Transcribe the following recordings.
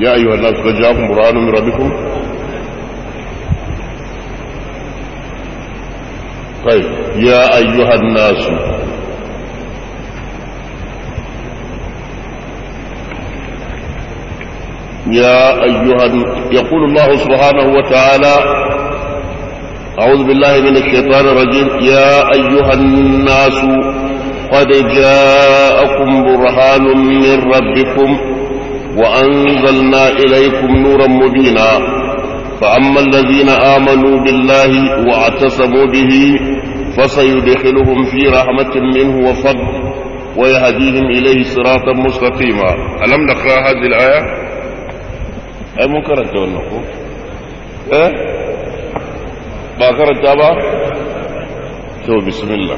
يا أيها الناس قد جاءكم برهان من ربكم طيب يا أيها الناس يا أيها يقول الله سبحانه وتعالى أعوذ بالله من الشيطان الرجيم يا أيها الناس قد جاءكم برهان من ربكم وأنزلنا إليكم نورا مبينا فأما الذين آمنوا بالله واعتصموا به فسيدخلهم في رحمة منه وفضل ويهديهم إليه صراطا مستقيما ألم نقرأ هذه الآية؟ أي منكر أنت والنقوم أه؟ ما قرأت أبا؟ بسم الله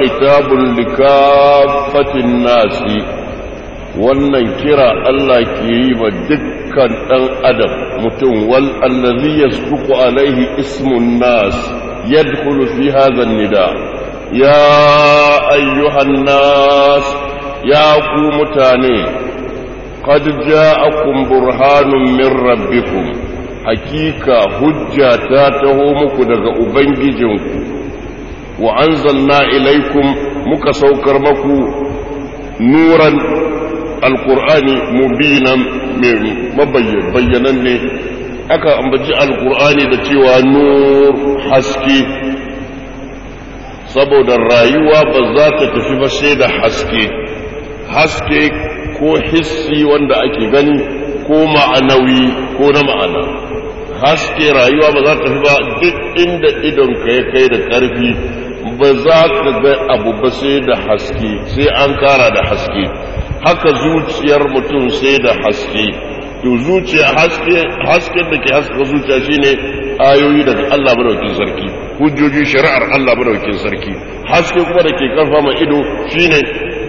khitabun likafatin nasi wannan kira Allah ke yi ma dukkan ɗan adam mutum wal allazi yasduqu alaihi ismun nas yadkhulu fi hadha nida ya ayyuhan nas ya ku mutane qad ja'akum burhanun min rabbikum hakika hujja ta taho muku daga ubangijinku wa ilaikum muka saukar maku nuran alqur'ani mubinan mabayyanan ne aka ambaci alkur'ani da cewa nur haske saboda rayuwa ba za ta tafi ba sai da haske haske ko hissi wanda ake gani ko ma'anawi ko na ma'ana haske rayuwa ba za ta tafi ba duk inda idonka ya kai da ƙarfi ba za ka ga abu ba sai da haske sai an kara da haske haka zuciyar mutum sai da haske to zuciya haske hasken da ke haska zuciya shine ayoyi daga Allah madaukakin sarki hujjoji shari'ar Allah madaukakin sarki haske kuma da ke karfa ma ido shine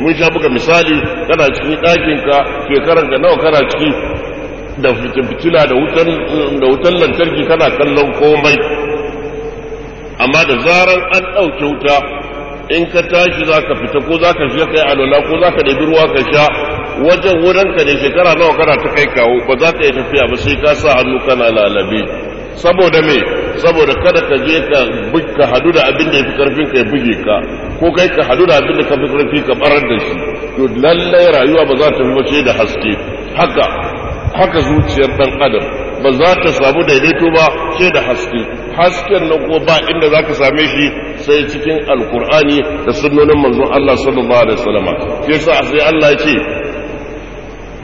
mun sha buga misali kana cikin ɗakin ka shekaran ka nawa kana ciki da fitila da wutan lantarki kana kallon komai amma da zarar an ɗauke wuta in ka tashi za ka fita ko za ka shiga kai alwala ko za ka ɗebi ruwa ka sha wajen wurin ka ne shekara nawa kana ta kai kawo ba za ka yi tafiya ba sai ka sa hannu kana lalabe saboda me saboda kada ka je ka ka hadu da abin da yafi karfin ka ya buge ka ko kai ka hadu da abin da ka fi karfi ka barar da shi to lallai rayuwa ba za ta fi da haske haka haka zuciyar dan adam ba za ta samu daidaito ba sai da haske hasken nan ko ba inda za ka same shi sai cikin alkur'ani da sunnonin manzon Allah sallallahu alaihi wasallam Ke sa sai Allah ya ce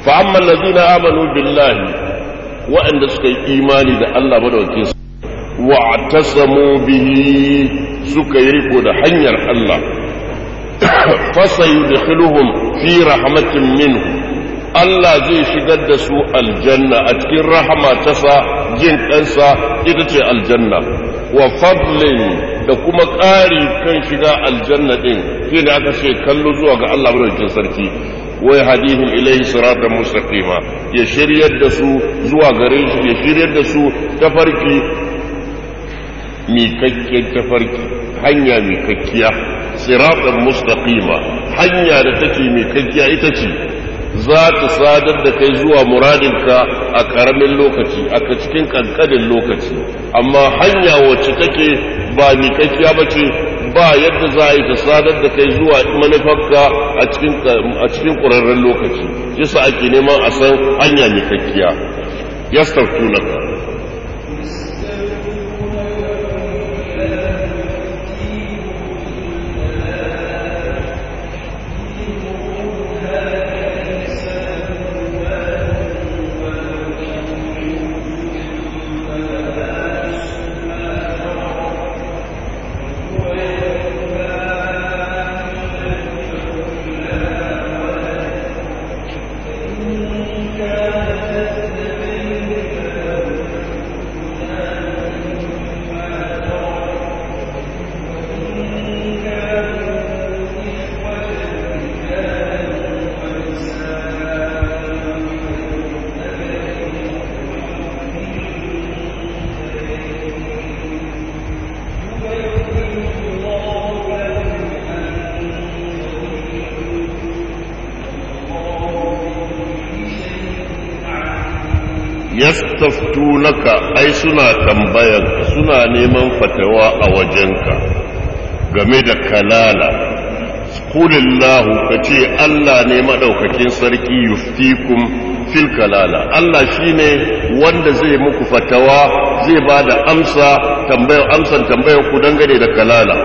fa amma allazina amanu billahi waɗanda suka yi imani da Allah madaukakin su tasamu bihi suka yi riko da hanyar Allah sayudkhiluhum fi rahmatin minhu Allah zai shigar da su aljanna a cikin rahama tasa jin ɗansa ita ce aljanna wa fadlin da kuma ƙari kan shiga aljanna ɗin shi ne aka ce kallo zuwa ga Allah madaukakin sarki wai hadihim ilaihi siratan mustaqima ya shiryar da su zuwa gare shi ya shiryar da su tafarki mikakken tafarki hanya mikakkiya siratan mustaqima hanya da take mikakkiya ita ce za ta sadar da kai zuwa muradinka a karamin lokaci a cikin ƙanƙanin lokaci amma hanya wacce take ba miƙaƙiya ba ce ba yadda za a yi ta sadar da kai zuwa manufarka a cikin ƙurarren lokaci yasa ake neman a san hanya miƙaƙiya yastar tunaka suna tambayarka suna neman fatawa a wajenka game da kalala kulillahu kace Allah ne maɗaukakin sarki yuftikum fil kalala Allah shine wanda zai muku fatawa zai ba da amsa tambayar amsan tambayar ku dangane da kalala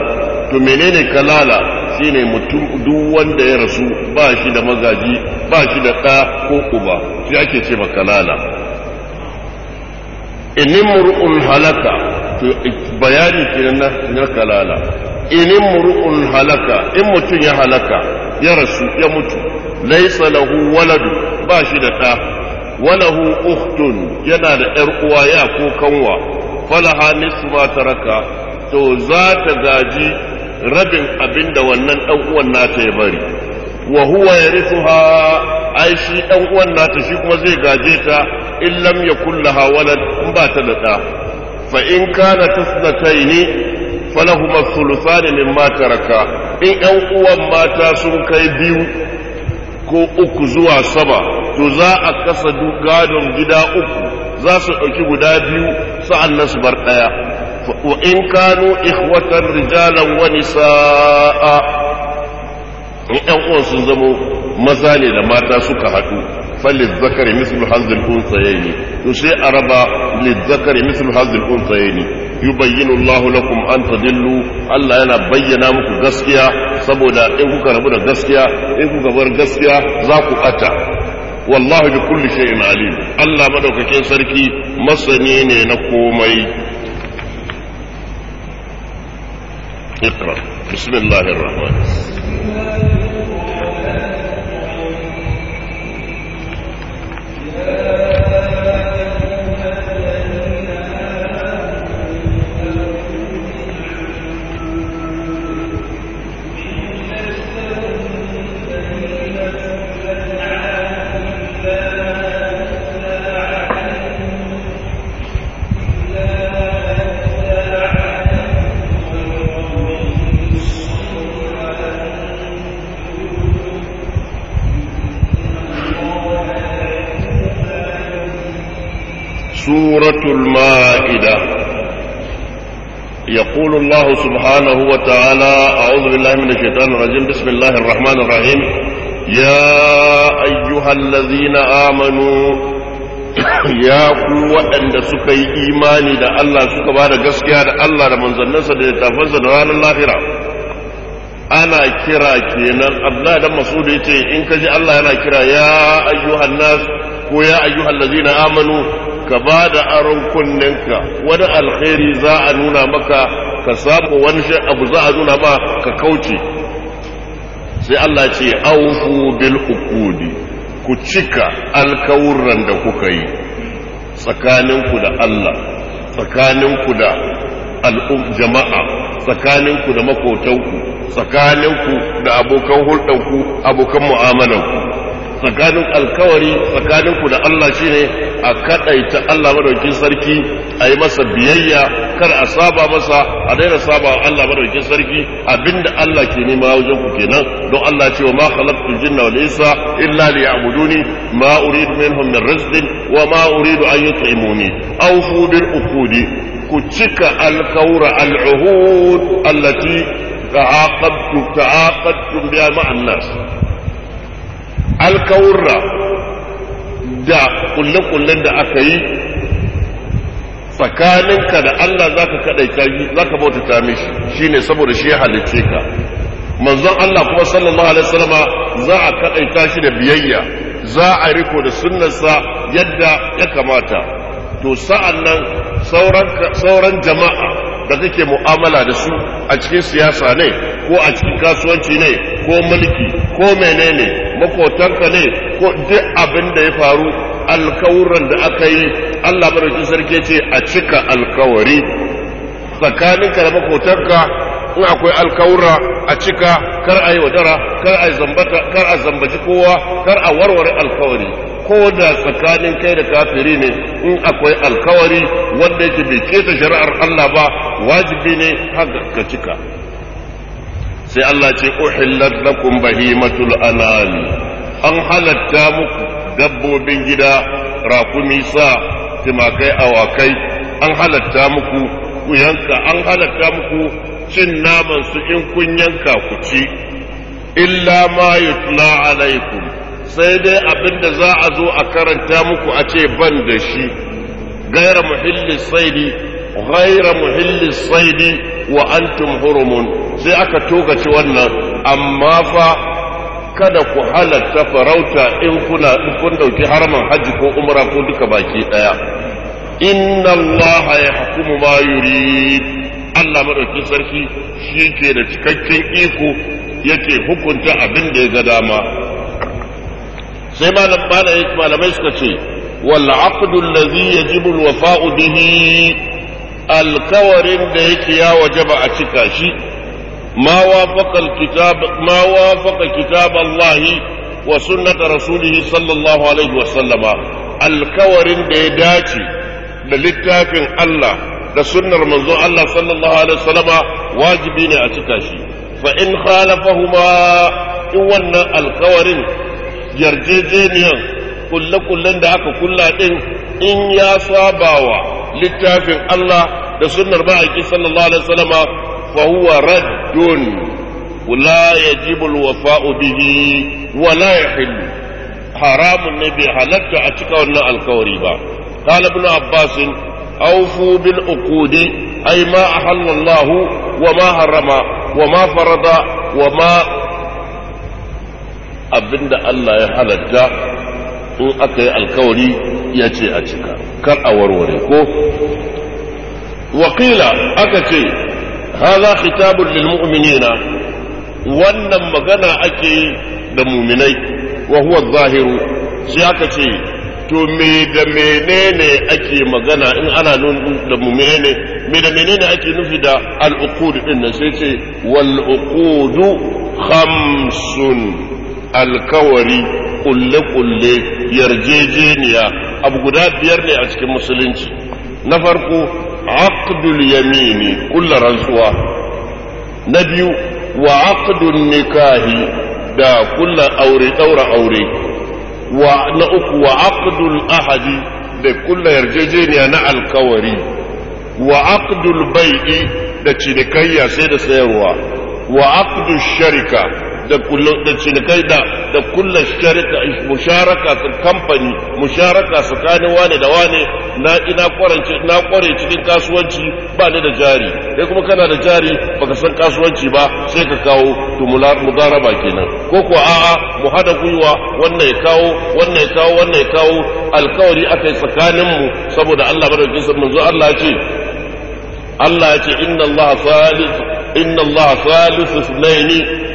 to menene kalala shine mutum duk wanda ya rasu ba shi da magaji ba shi da ɗa ko uba shi ake ce kalala. inin mur'un halaka bayani kenan na kalala inin muru'un halaka in mutum ya halaka ya rasu ya mutu laisa lahu waladu ba shi da ta. walahu uhtun yana da ‘yar uwa ya ko kanwa falaha nisfu ma raka, to za ta gaji rabin abin da wannan ɗan uwan nata ya bari wa huwa yarithuha ai shi dan uwan nata shi kuma zai gaje ta in lam yakul laha walad in ba ta da fa in kana tasnataini falahuma thuluthani ma taraka in ƴan uwan mata sun kai biyu ko uku zuwa saba to za a kasa gadon gida uku za su ɗauki guda biyu sa'an nasu su bar ɗaya wa in kanu ikhwatan rijalan wa nisaa in ƴan uwan sun zamo maza ne da mata suka haɗu فللذكر مثل حظ الأنثيين يشيء أربا للذكر مثل حظ الأنثيين يبين الله لكم أن تدلوا Allah yana bayyana muku gaskiya saboda in kuka rabu da gaskiya in kuka bar gaskiya za ku ɓata wallahi bi kulli shay'in alim Allah madaukakin sarki masani ne na komai اقرأ بسم سورة المائدة يقول الله سبحانه وتعالى أعوذ بالله من الشيطان الرجيم بسم الله الرحمن الرحيم يا أيها الذين آمنوا ya ku waɗanda suka yi imani da Allah suka ba da gaskiya da Allah da manzanninsa da littafansa da ranar lahira ana kira kenan Abdullahi dan Masud yace in kaji Allah yana kira ya ayyuhan nas ko amanu ka ba da aron kunninka wani alkhairi za a nuna maka ka samu wani abu za a nuna ba ka kauce sai Allah ce aufu bil uqudi ku cika alkawurran da kuka yi tsakaninku da Allah tsakaninku da al'um jama'a tsakaninku da makotanku tsakaninku da abokan hulɗanku abokan mu'amalanku tsakanin alkawari tsakaninku da Allah shine a kadaita Allah madaukin sarki a yi masa biyayya kar a saba masa a daina saba wa Allah madaukin sarki abinda Allah ke nema wajen ku kenan don Allah ce wa ma khalaqtul jinna wal insa illa liya'buduni ma uridu minhum min rizqin wa ma uridu an yut'imuni aw bil uqudi ku cika alkawra al'uhud allati ta'aqadtu ta'aqadtu biha ma'an nas da kulle-kullen da aka yi tsakaninka da Allah za ka kaɗaita yi za ka bauta ta mishi shi ne saboda shi ya halicce ka manzon Allah kuma sallallahu alaihi wasallama za a kaɗaita shi da biyayya za a riko da sunnarsa yadda ya kamata to sa'an nan sauran jama'a da kake mu'amala da su a cikin siyasa ne ko a cikin kasuwanci ne ko mulki ko menene makotanka ne ko duk abin da ya faru alkawuran da aka yi Allah madaukakin sarki ce a cika alkawari tsakaninka da makotanka in akwai alkawura a cika kar a yi wadara kar kar a zambaci kowa kar a warware alkawari ko da tsakanin kai da kafiri ne in akwai alkawari wanda yake bai keta shari'ar Allah ba wajibi ne haka ka cika sai Allah ce uhillat lakum bahimatul anan an halatta muku dabbobin gida rakumi sa timakai awakai an halatta muku ku yanka an halatta muku cin naman su in kun yanka ku ci illa ma yutla alaikum sai dai abin da za a zo a karanta muku a ce ban da shi gaira muhilli saidi gaira muhilli saidi wa antum hurumun sai aka tokaci wannan amma fa kada ku halatta farauta in kuna kun dauki harman hajji ko umra ko duka baki daya inna allaha yahkumu ma yurid Allah madauki sarki shi ke da cikakken iko yake hukunta abin da ya ga dama sai malam malamai suka ce wal aqdu allazi yajibu al wafa'u bihi alkawarin da yake ya wajaba a cika shi ma wafaqa al kitab ma wafaqa kitab Allah wa sunnata rasulih sallallahu alaihi wa sallama alkawarin da ya dace da littafin Allah da sunnar manzon Allah sallallahu alaihi wa sallama wajibi ne a cika shi fa in khalafahuma in wannan alkawarin yarjejeniyan kulle-kullen da aka kulla din in ya sabawa littafin Allah da sunnar ma'aiki sallallahu alaihi wasallama fa huwa raddun wala yajibu alwafa'u bihi wala yahill haram nabi halatta a cika wannan alkawari ba qala ibn abbas awfu bil uqudi ay ma ahalla Allah wa ma الله wa ma farada wa ma Abin da Allah ya halatta in aka yi alkawari ya ce a cika kar a warware ko wakila aka ce haza khitabun lil mu'minina wannan magana ake da muminai wa huwa zahiru sai aka ce to me da menene ake magana in ana nun da muminai me da menene ake nufi da al-uqud din nan sai ce wal alkawari kulle-kulle yarjejeniya abu guda biyar ne a cikin musulunci na farko aqdul yamini kulla rantsuwa na biyu wa aqdun nikahi da kulla aure daura aure wa na uku wa aqdul ahadi da kulla yarjejeniya na alkawari wa aqdul bai'i da cinikayya sai da sayarwa wa aqdul sharika da da cinikai da da kulla sharika musharaka su kamfani musharaka tsakanin wane da wane na ina kwarance na kware cikin kasuwanci ba ni da jari dai kuma kana da jari baka san kasuwanci ba sai ka kawo to mudaraba kenan ko ko a'a mu hada gwiwa wannan ya kawo wannan ya kawo wannan ya kawo alkawari akai tsakanin mu saboda Allah madaukakin manzo Allah ya ce Allah ya ce inna Allah salih إن الله ثالث اثنين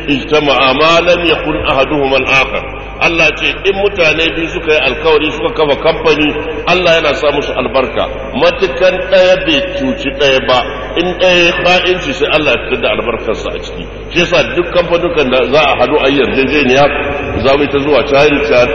اجتمعا ما لم يكن أحدهما الآخر Allah ce in mutane biyu suka yi alkawari suka kafa kamfani Allah yana sa musu albarka matukan ɗaya bai cuci ɗaya ba in ɗaya ya ba'inci sai Allah ya fitar da albarkarsa a ciki shi yasa duk kamfanukan da za a hadu a yarjejeniya za mu ta zuwa China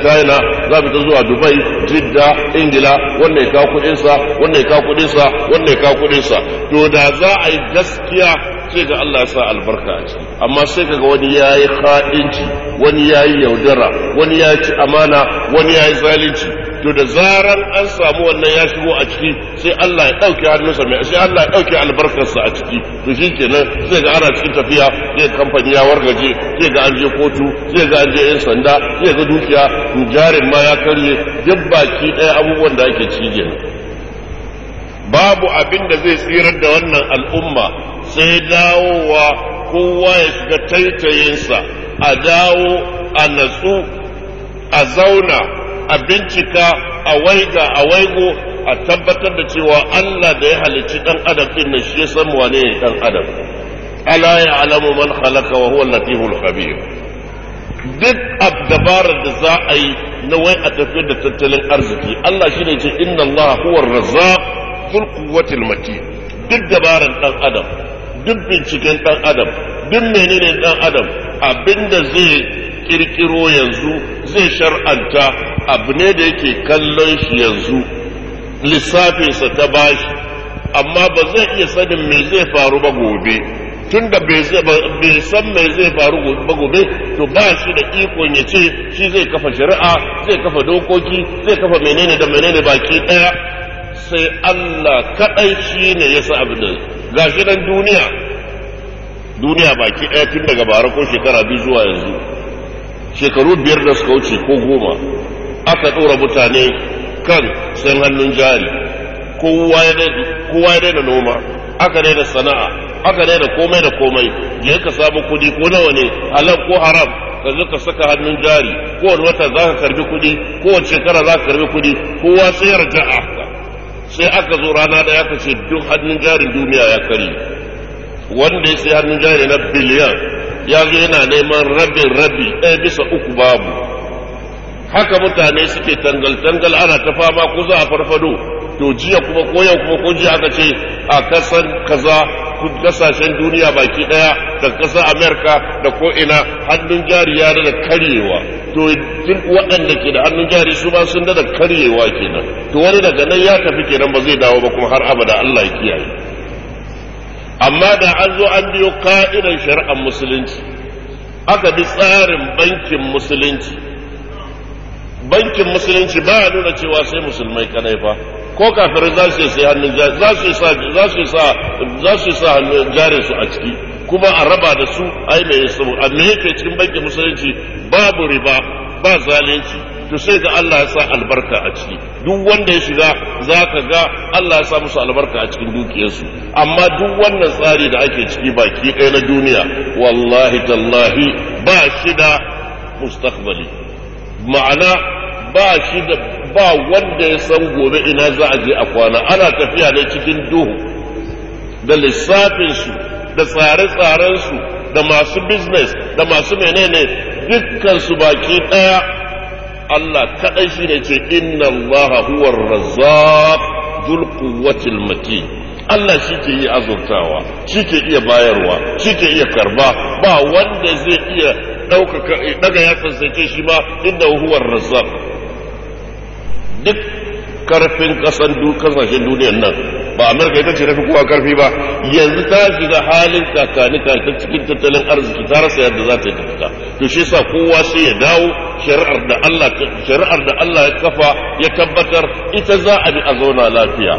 za mu ta zuwa Dubai Jidda Ingila wannan ya kuɗinsa wannan ya kuɗinsa wannan ya kuɗinsa to da za a yi gaskiya sai ga Allah ya sa albarka a ciki amma sai kaga wani yayi kha'inci wani yayi yaudara wani ya ci amana wani yayi zalunci to da zaran an samu wannan ya shigo a ciki sai Allah ya dauke hannunsa mai sai Allah ya dauke albarkarsa a ciki to shikenan sai ga ana cikin tafiya sai kamfani ya wargaje sai ga an je kotu sai ga an je yan sanda sai ga dukiya jarin ma ya karye duk baki ɗaya abubuwan da ake ci babu abin da zai tsirar da wannan al'umma sai dawowa kowa ya shiga taitayinsa a dawo a natsu a zauna a bincika a waiga a waigo a tabbatar da cewa Allah da ya halicci ɗan adam ɗin na shi ya san wane ne ɗan adam ala ya alamu man halaka wa huwa latiful khabir duk dabarar da za a yi na wai a tafiyar da tattalin arziki Allah shi ne ce inna Allah huwa razzaq ful quwwatil matin duk dabarar ɗan adam duk binciken ɗan adam duk menene ɗan adam abinda zai kirkiro yanzu zai shar'anta abu ne da yake kallon shi yanzu lissafinsa ta bashi amma ba zai iya sanin me zai faru ba gobe tun da bai san me zai faru ba gobe to ba shi da ikon ya ce shi zai kafa shari'a zai kafa dokoki zai kafa menene da menene baki ɗaya sai Allah kaɗai shi ne ya sa abin da ga shi nan duniya duniya baki ɗaya tun daga bara ko shekara biyu zuwa yanzu shekaru biyar da suka wuce ko goma aka ɗora mutane kan sayan hannun jari kowa ya daina noma aka daina sana'a aka daina komai da komai je ka samu kuɗi ko nawa ne halal ko haram ka zo ka saka hannun jari kowane wata za ka karbi kuɗi kowace shekara za ka karbi kuɗi kowa sai yarda a sai aka zo rana da ya kashe duk hannun jarin duniya ya kari wanda ya sai hannun jari na biliyan ya zo yana neman rabin rabi ɗaya bisa uku babu haka mutane suke tangal-tangal ana ta fama ko za a farfado to jiya kuma ko yau kuma ko jiya aka ce a kasar kaza kasashen duniya baki daya da kasar amerika da ko ina hannun jari ya da karyewa to tun waɗanda ke da hannun jari su ba sun da karyewa kenan to wani daga nan ya tafi kenan ba zai dawo ba kuma har abada Allah ya kiyaye amma da an zo an biyo ka'idan shari'ar musulunci aka bi tsarin bankin musulunci bankin musulunci ba nuna cewa sai musulmai kadai fa ko kafirai za su sai hannun jari za su sa hannun jari su a ciki kuma a raba da su ai mai sabu amma yake cikin bankin musulunci babu riba ba zalunci to sai ga Allah ya sa albarka a ciki duk wanda ya shiga za ka ga Allah ya sa musu albarka a cikin dukiyarsu amma duk wannan tsari da ake ciki baki kai na duniya wallahi tallahi ba shi da mustaqbali ma'ana ba shi da ba wanda ya san gobe ina za a je a kwana ana tafiya ne cikin duhu da lissafinsu da tsare-tsarensu da masu business da masu menene dukkansu baki ɗaya Allah kaɗai shi ne ce inna Allah huwar razzaq dul quwwatil matin Allah shi ke yi azurtawa shi ke iya bayarwa shi ke iya karba ba wanda zai iya ɗaukaka daga ya tsansake shi ma inda huwar razzaq duk karfin kasan kasashen duniyar nan ba amurka ita ce tafi kowa karfi ba yanzu ta shiga halin kakanika ta cikin tattalin arziki ta rasa yadda za ta yi tafita to shi sa kowa sai ya dawo shari'ar da Allah ya kafa ya tabbatar ita za a bi a zauna lafiya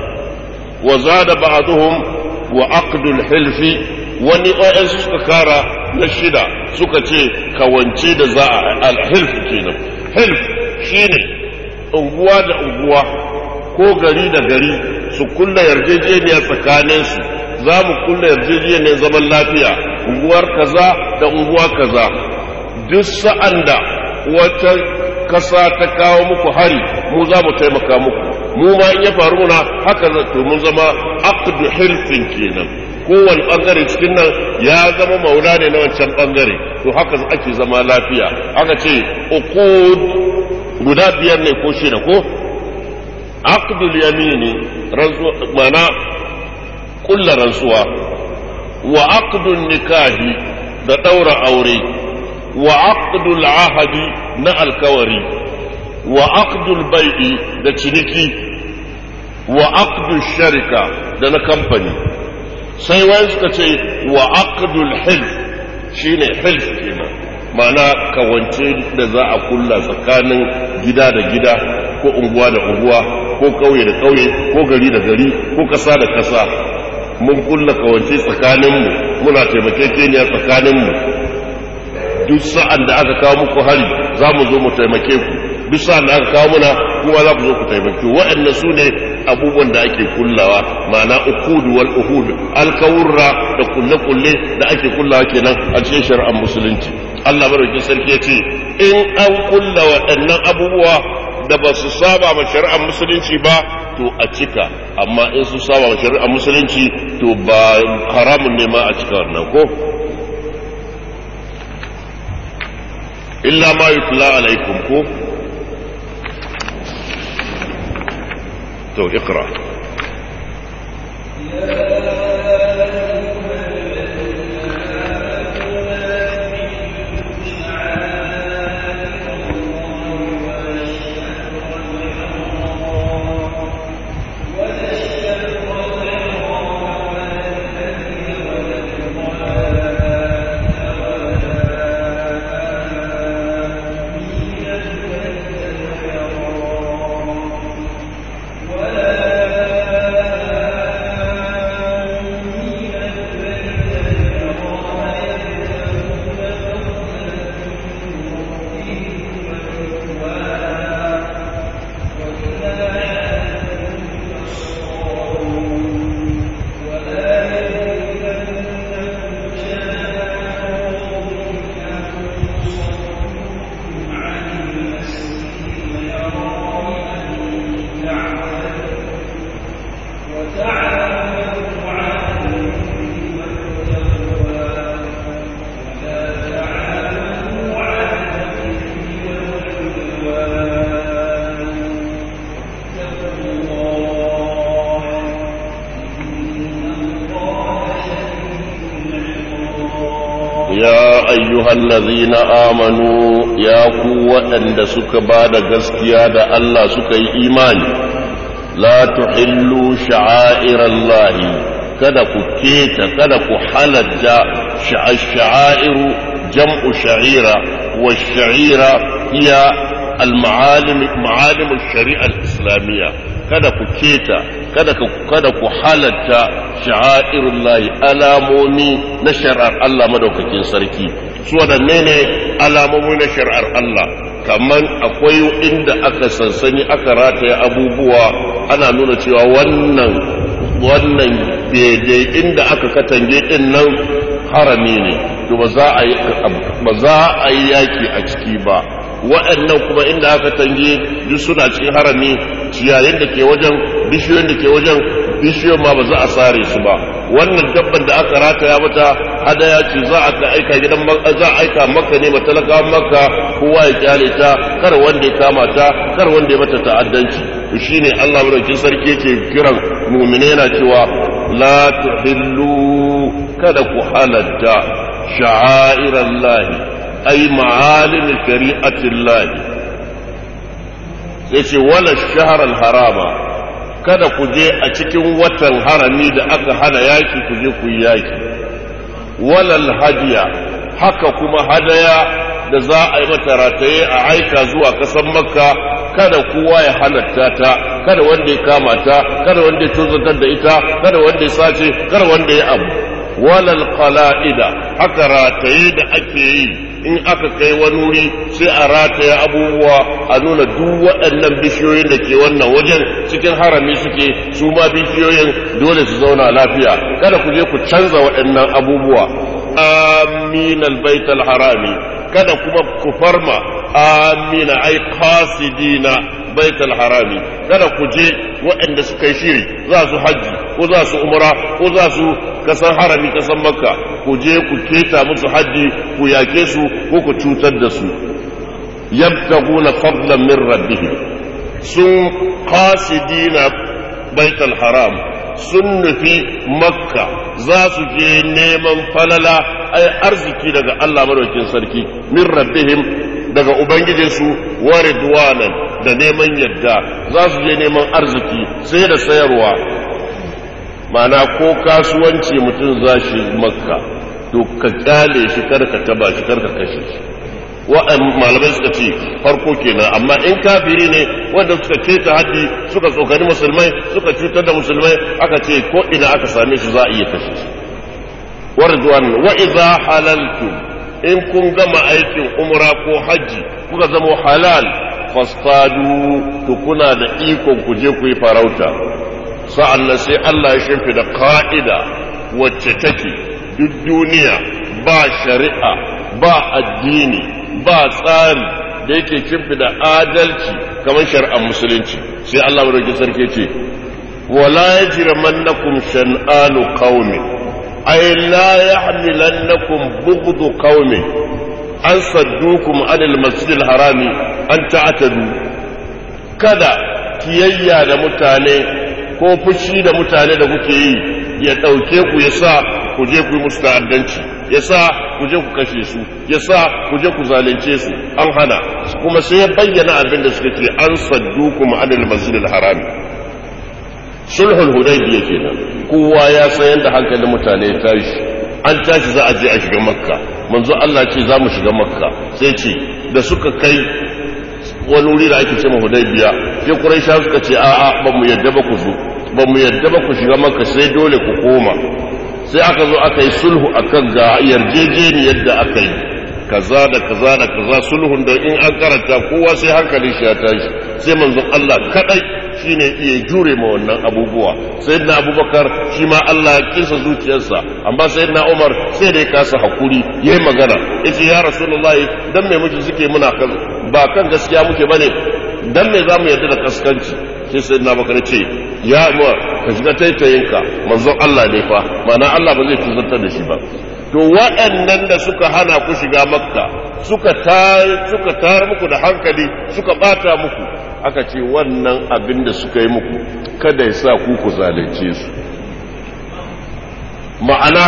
wa da ba'dhum wa aqdul hilfi wani wayansu suka kara na shida suka ce kawance da za a al kenan hilf shine unguwa da unguwa ko gari da gari su kulla yarjejeniya tsakaninsu za mu kulla yarjejeniyar zaman lafiya unguwar kaza da unguwa kaza duk sa'an da wata kasa ta kawo muku hari mu za mu taimaka muku mu ma in ya faru muna haka za to mun zama aqdu hirfin kenan kowane bangare cikin nan ya zama maula ne na wancan bangare to haka ake zama lafiya aka ce uqud guda biyar ne ko shida ko aqdul yamini rantsuwa mana ƙulla rantsuwa wa aqdul nikahi da daura aure wa aqdul ahadi na alkawari wa aqdul bai'i da ciniki wa aqdul sharika da na kamfani sai wani suka ce wa aqdul hilf shine hilf kenan ma'ana kawance da za a kulla tsakanin gida da gida ko unguwa da unguwa ko ƙauye da ƙauye ko gari da gari ko ƙasa da ƙasa mun kulla kawance tsakaninmu muna taimakekeniya tsakaninmu duk sa'an da aka kawo muku hari za mu zo mu taimake ku duk sa'an da aka kawo muna kuma za ku zo ku taimake waɗanda su ne abubuwan da ake kullawa ma'ana ukudu wal uhud alkawurra da kulle-kulle da ake kullawa kenan a cikin shari'ar musulunci Allah madaukin sarki ya ce in an kulla waɗannan abubuwa da ba su saba ma shari'ar musulunci ba to a cika amma in su saba ma shari'ar musulunci to ba haramun ne ma a cika wannan ko illa ma yutla alaikum ko to ikra. الذين آمنوا يا قوة أن سكبا قسكيا دا الله سكي إيماني لا تحلوا شعائر الله kada ku keta kada ku halatta sha'iru jam'u sha'ira wa sha'ira iya al shari'ar islamiyya kada ku keta kada ku kada ku halatta alamomi na shari'ar Allah madaukakin sarki su waɗanne ne alamomi na shari'ar Allah kamar akwai inda aka sansani aka rataya abubuwa ana nuna cewa wannan wannan daidai inda aka katange din nan harami ne to ba za a yi ba a yaki a ciki ba wa'annan kuma inda aka tange duk suna cikin harami ciyayin da ke wajen bishiyoyin da ke wajen bishiyoyin ma ba za a sare su ba wannan dabban da aka rataya mata hadaya ce za a aika gidan za a aika maka ne laka maka kowa ya kyale ta kar wanda ya kama ta kar wanda ya mata ta'addanci To shine Allah madaukakin sarki yake kiran mu'mina yana cewa la tuhillu kada ku halatta sha'airallahi ay ma'alim shari'atillahi yace wala shahr harama kada ku je a cikin watan harami da aka hana yaki ku je ku yi yaki walal hadiya haka kuma hadaya da za a yi mata rataye a aika zuwa kasan makka kada kowa ya halatta ta kada wanda ya kama ta kada wanda ya tozantar da ita kada wanda ya sace kada wanda ya abu walal qala'ida haka rataye da ake yi in aka kai wani wuri sai a rataya abubuwa a nuna duk waɗannan bishiyoyin da ke wannan wajen cikin harami suke su ma bishiyoyin dole su zauna lafiya kada ku je ku canza waɗannan abubuwa amin baital harami kada kuma ku farma amina ai kasidina baitul harami kada ku je waɗanda suka yi shiri za su hajji ko za su umra ko za su kasar harami kasar makka ku je ku keta musu hajji ku yake su ko ku cutar da su yabtaguna fadlan min rabbihim sun qasidina baitul haram sun nufi makka za su je neman falala ai arziki daga Allah madaukin sarki min rabbihim daga ubangijinsu wa ridwanan da neman yadda za su je neman arziki sai da sayarwa mana ko kasuwanci mutum za shi makka to ka kyale shi karka taba shi karka kashe shi wa'an malamai suka ce farko kenan amma in kafiri ne wanda suka ce ta haddi suka tsokani musulmai suka cutar da musulmai aka ce ko ina aka same shi za a iya kashe shi warjuwan wa idza halaltum in kun gama aikin umra ko hajji kuka zama halal fastadu to kuna da ikon ku je ku yi farauta sa'an sai Allah ya shimfi da ka'ida wacce take duk duniya ba shari'a ba addini ba tsari da yake shimfi da adalci kamar shari'ar musulunci sai Allah madauki sarki ce wala yajrimannakum shan'anu qaumin ay la yahmilannakum bughdu qaumin an saddukum anil masjidil harami an ta'tadu kada kiyayya da mutane ko fushi da mutane da kuke yi ya ɗauke ku ya sa ku je ku yi ta'addanci ya sa ku je ku kashe su ya sa ku je ku zalunce su an hana kuma sai ya bayyana abin da suka ke an saddukum anil masjidil harami sulhul hudaybiya kenan kowa ya sayar da hankalin mutane ya tashi an tashi za a je a shiga makka manzo Allah ce za mu shiga makka sai ce da suka kai wani wuri da ake ce ma hudaybiya sai quraisha suka ce a a ba mu yadda ba ku zo ba mu yadda ba ku shiga makka sai dole ku koma sai aka zo aka yi sulhu akan ga yarjejeniyar da aka yi kaza da kaza da kaza sulhun da in an karanta kowa sai hankali shi ya tashi sai manzon Allah kadai shine iya jure ma wannan abubuwa sayyidina Abubakar shi ma Allah ya kinsa zuciyarsa amma sayyidina Umar sai dai kasa hakuri yayi magana yace ya Rasulullahi dan me muke suke muna kan ba kan gaskiya muke bane dan me zamu yarda da kaskanci sai sayyidina Abubakar ce ya Umar ka shiga taitayinka manzon Allah ne fa ma'ana Allah ba zai tuzantar da shi ba to waɗannan da suka hana ku shiga makka suka suka tar muku da hankali suka bata muku aka ce wannan abin da suka yi muku kada ya sa ku ku zalunce su ma'ana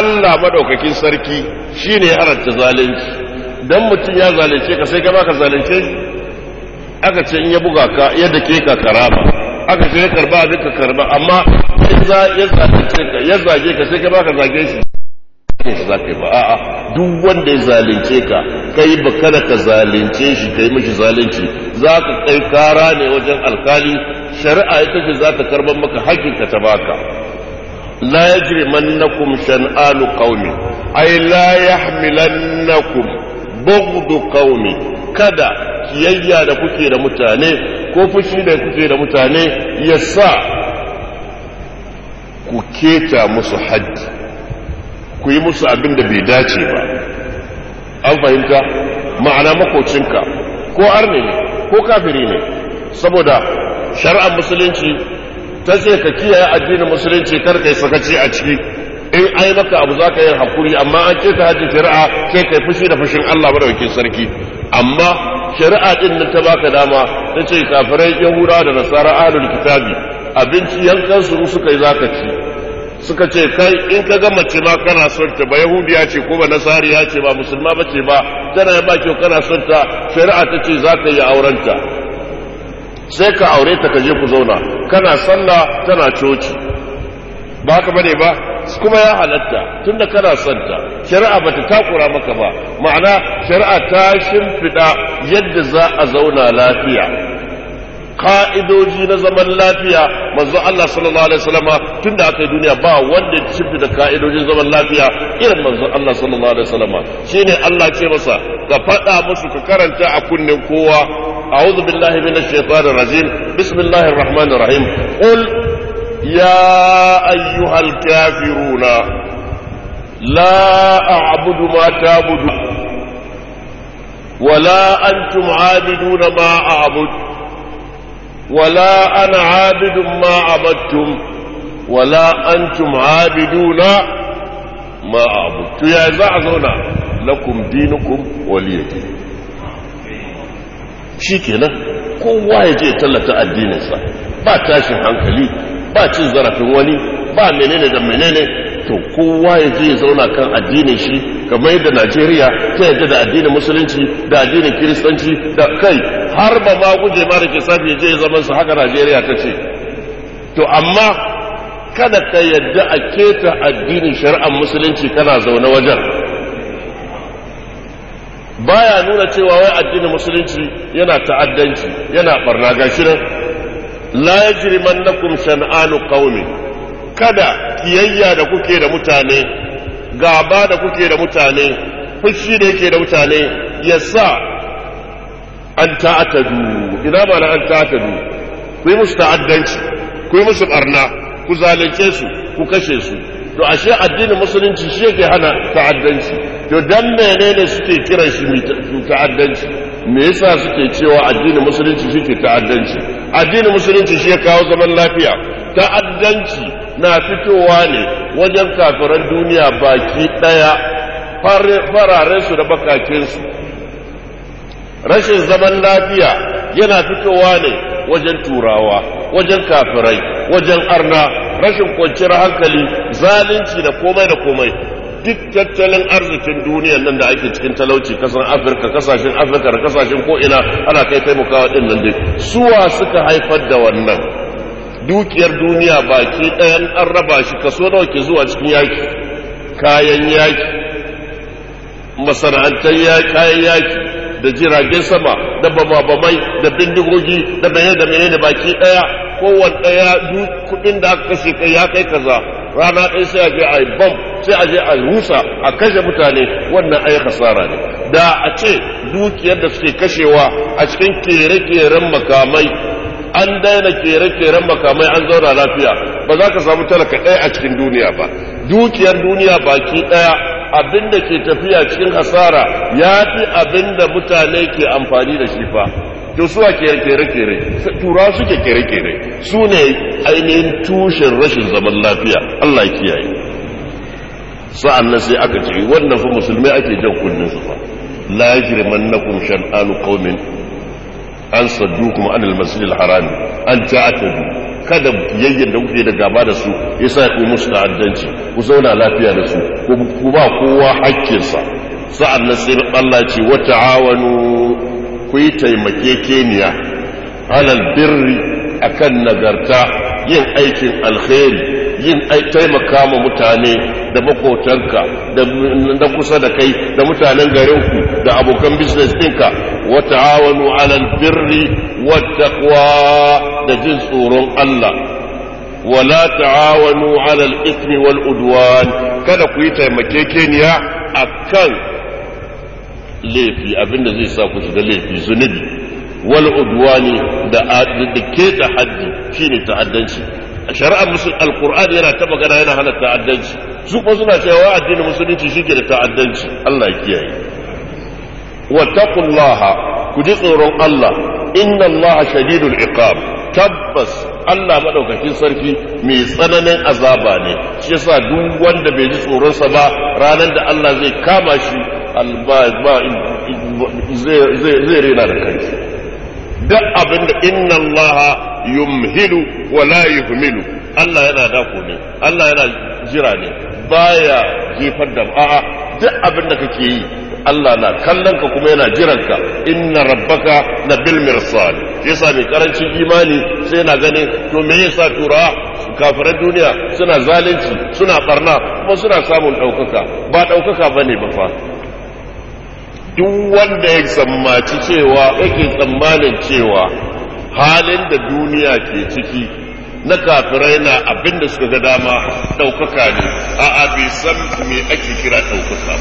Allah madaukakin sarki shine ya haranta zalunci dan mutum ya zalunce ka sai ka baka zalunce aka ce in ya buga ka yadda ke ka karama aka ce ya karba abin ka karba amma ya zage ka sai ka baka zage shi ne za ka yi ba a'a duk wanda ya zalunce ka kai ba kada ka zalunce shi ka yi mishi zalunci za ka kai kara ne wajen alkali shari'a ita ce za ta karban maka ka ta baka la yajrimannakum shan'anu qaumi ay la yahmilannakum bughdu qaumi kada kiyayya da kuke da mutane ko fushi da kuke da mutane yasa ku keta musu hajji. ku yi musu abin da bai dace ba an fahimta ma'ana makocinka ko arne ne ko kafiri ne saboda shari'ar musulunci ta ce ka kiyaye addinin musulunci kar ka yi sakaci a ciki in ai maka abu za ka yi hakuri amma an ce ka hajji shari'a sai kai fushi da fushin Allah madaukakin sarki amma shari'a din nan ta baka dama ta ce kafirai yahuda da nasara alul kitabi abinci yankan su suka yi ka ci suka ce kai in ka ga mace ma kana son ta ba yahudiya ce ko ba nasariya ce ba musulma ba ce ba tana ba kyau kana son ta shari'a ta ce za ka yi aurenta sai ka aure ta ka je ku zauna kana sallah tana coci ba ka bane ba kuma ya halatta tunda kana son ta shari'a ba ta takura maka ba ma'ana shari'a ta shimfiɗa yadda za a zauna lafiya ka'idoji na zaman lafiya manzo Allah sallallahu alaihi wasallam tunda aka yi duniya ba wanda ya shifta da ka'idojin zaman lafiya irin manzo Allah sallallahu alaihi wasallam shine Allah ce masa ka faɗa musu ka karanta a kunnen kowa a'udhu billahi minash shaitanir rajim bismillahir rahmanir rahim qul ya ayyuhal kafiruna la a'budu ma ta'budu ولا أنتم عابدون ma أعبد ولا أنا عابد ما عبدتم ولا أنتم عابدون ما عبدت يا زعزونا لكم دينكم ولي دين shikenan kowa ya je tallata addininsa ba tashin hankali ba cin zarafin wani ba menene da menene to kowa ya je zauna kan addinin shi kamar da Najeriya ta yadda da addinin musulunci da addinin kiristanci da kai har ba ma guje ma da ke safi ya je zaman su haka Najeriya ta ce to amma kada ka yadda a keta addinin shari'ar musulunci kana zaune wajen baya nuna cewa wai addinin musulunci yana ta'addanci yana barna gashi nan la yajrimannakum shan'anu qaumin kada kiyayya da kuke da mutane gaba da kuke da mutane fushi da yake da mutane ya sa an ta'atadu ina ba na an ta'atadu ku yi musu ta'addanci ku yi musu barna ku zalunce su ku kashe su to ashe addinin musulunci shi yake hana ta'addanci to dan menene suke kiran shi ta'addanci me yasa suke cewa addinin musulunci shi ke ta'addanci addinin musulunci shi ya kawo zaman lafiya ta'addanci na fitowa ne wajen kafiran duniya baki ɗaya fararensu da bakakinsu rashin zaman lafiya yana fitowa ne wajen turawa wajen kafirai wajen arna rashin kwanciyar hankali zalunci da komai da komai duk tattalin arzikin duniya nan da ake cikin talauci kasar afirka kasashen afirka da kasashen ko'ina ana kai taimakawa ɗin nan dai suwa suka haifar da wannan dukiyar duniya baki ɗayan an raba shi kaso nawa ke zuwa cikin yaki kayan yaki masana'antar kayan yaki da jiragen sama da bababamai da bindigogi da bayan da menene baki ɗaya kowane ɗaya kuɗin da aka kashe kai ya kai kaza rana ɗaya sai a je a yi bam sai a je a rusa a kashe mutane wannan ai hasara ne da a ce dukiyar da suke kashewa a cikin kere-keren makamai an daina kere-keren makamai an zauna lafiya ba za ka samu talaka ɗaya a cikin duniya ba dukiyar duniya baki ɗaya abin da ke tafiya cikin hasara ya fi abin da mutane ke amfani da shi fa to suwa ke kere-kere tura suke kere-kere su ne ainihin tushen rashin zaman lafiya Allah kiyaye sa'an nan sai aka ce wannan fa musulmi ake jan kunnen su fa la kunshan shan'anu qaumin an saddu kuma an almasjid haram an ta'atadu kada biyayyar da kuke da gaba da su yasa ku musu ta'addanci ku zauna lafiya da su ku ba kowa hakkinsa sa'an nan sai Allah ce wa ta'awanu ku yi taimakekeniya alal birri akan nagarta yin aikin alkhairi yin taimaka ma mutane da makotanka da kusa da kai da mutanen garinku da abokan business ɗinka wa ta'awanu alal birri wata taqwa da jin tsoron Allah wala ta'awanu alal ismi wal udwan kada ku yi taimakekeniya akan laifi abinda zai sa ku shiga laifi zunubi wal udwani da da keta haddi shine ta'addanci shari'ar musul alqur'ani yana ta magana yana hana ta'addanci su kuma suna cewa addinin musulunci shike da ta'addanci Allah ya kiyaye taqullaha ku ji tsoron Allah inna Allah shadidul iqab tabbas Allah madaukakin sarki mai tsananin azaba ne shi yasa duk wanda bai ji tsoron sa ba ranar da Allah zai kama shi alba zai rena da kansa duk abin da inna Allah yumhilu wa la yuhmilu Allah yana dako ne Allah yana jira ne baya jefar da a'a duk abin da kake yi Allah na kallon ka kuma yana jiranka inna rabbaka na bil mirsal yasa mai karancin imani sai yana ganin to me yasa tura kafiran duniya suna zalunci suna barna kuma suna samun ɗaukaka ba ɗaukaka bane ba fa duk wanda ya tsammaci cewa yake tsammanin cewa halin da duniya ke ciki na kafirai na abin da suka ga dama ɗaukaka ne a abin san me ake kira ɗaukaka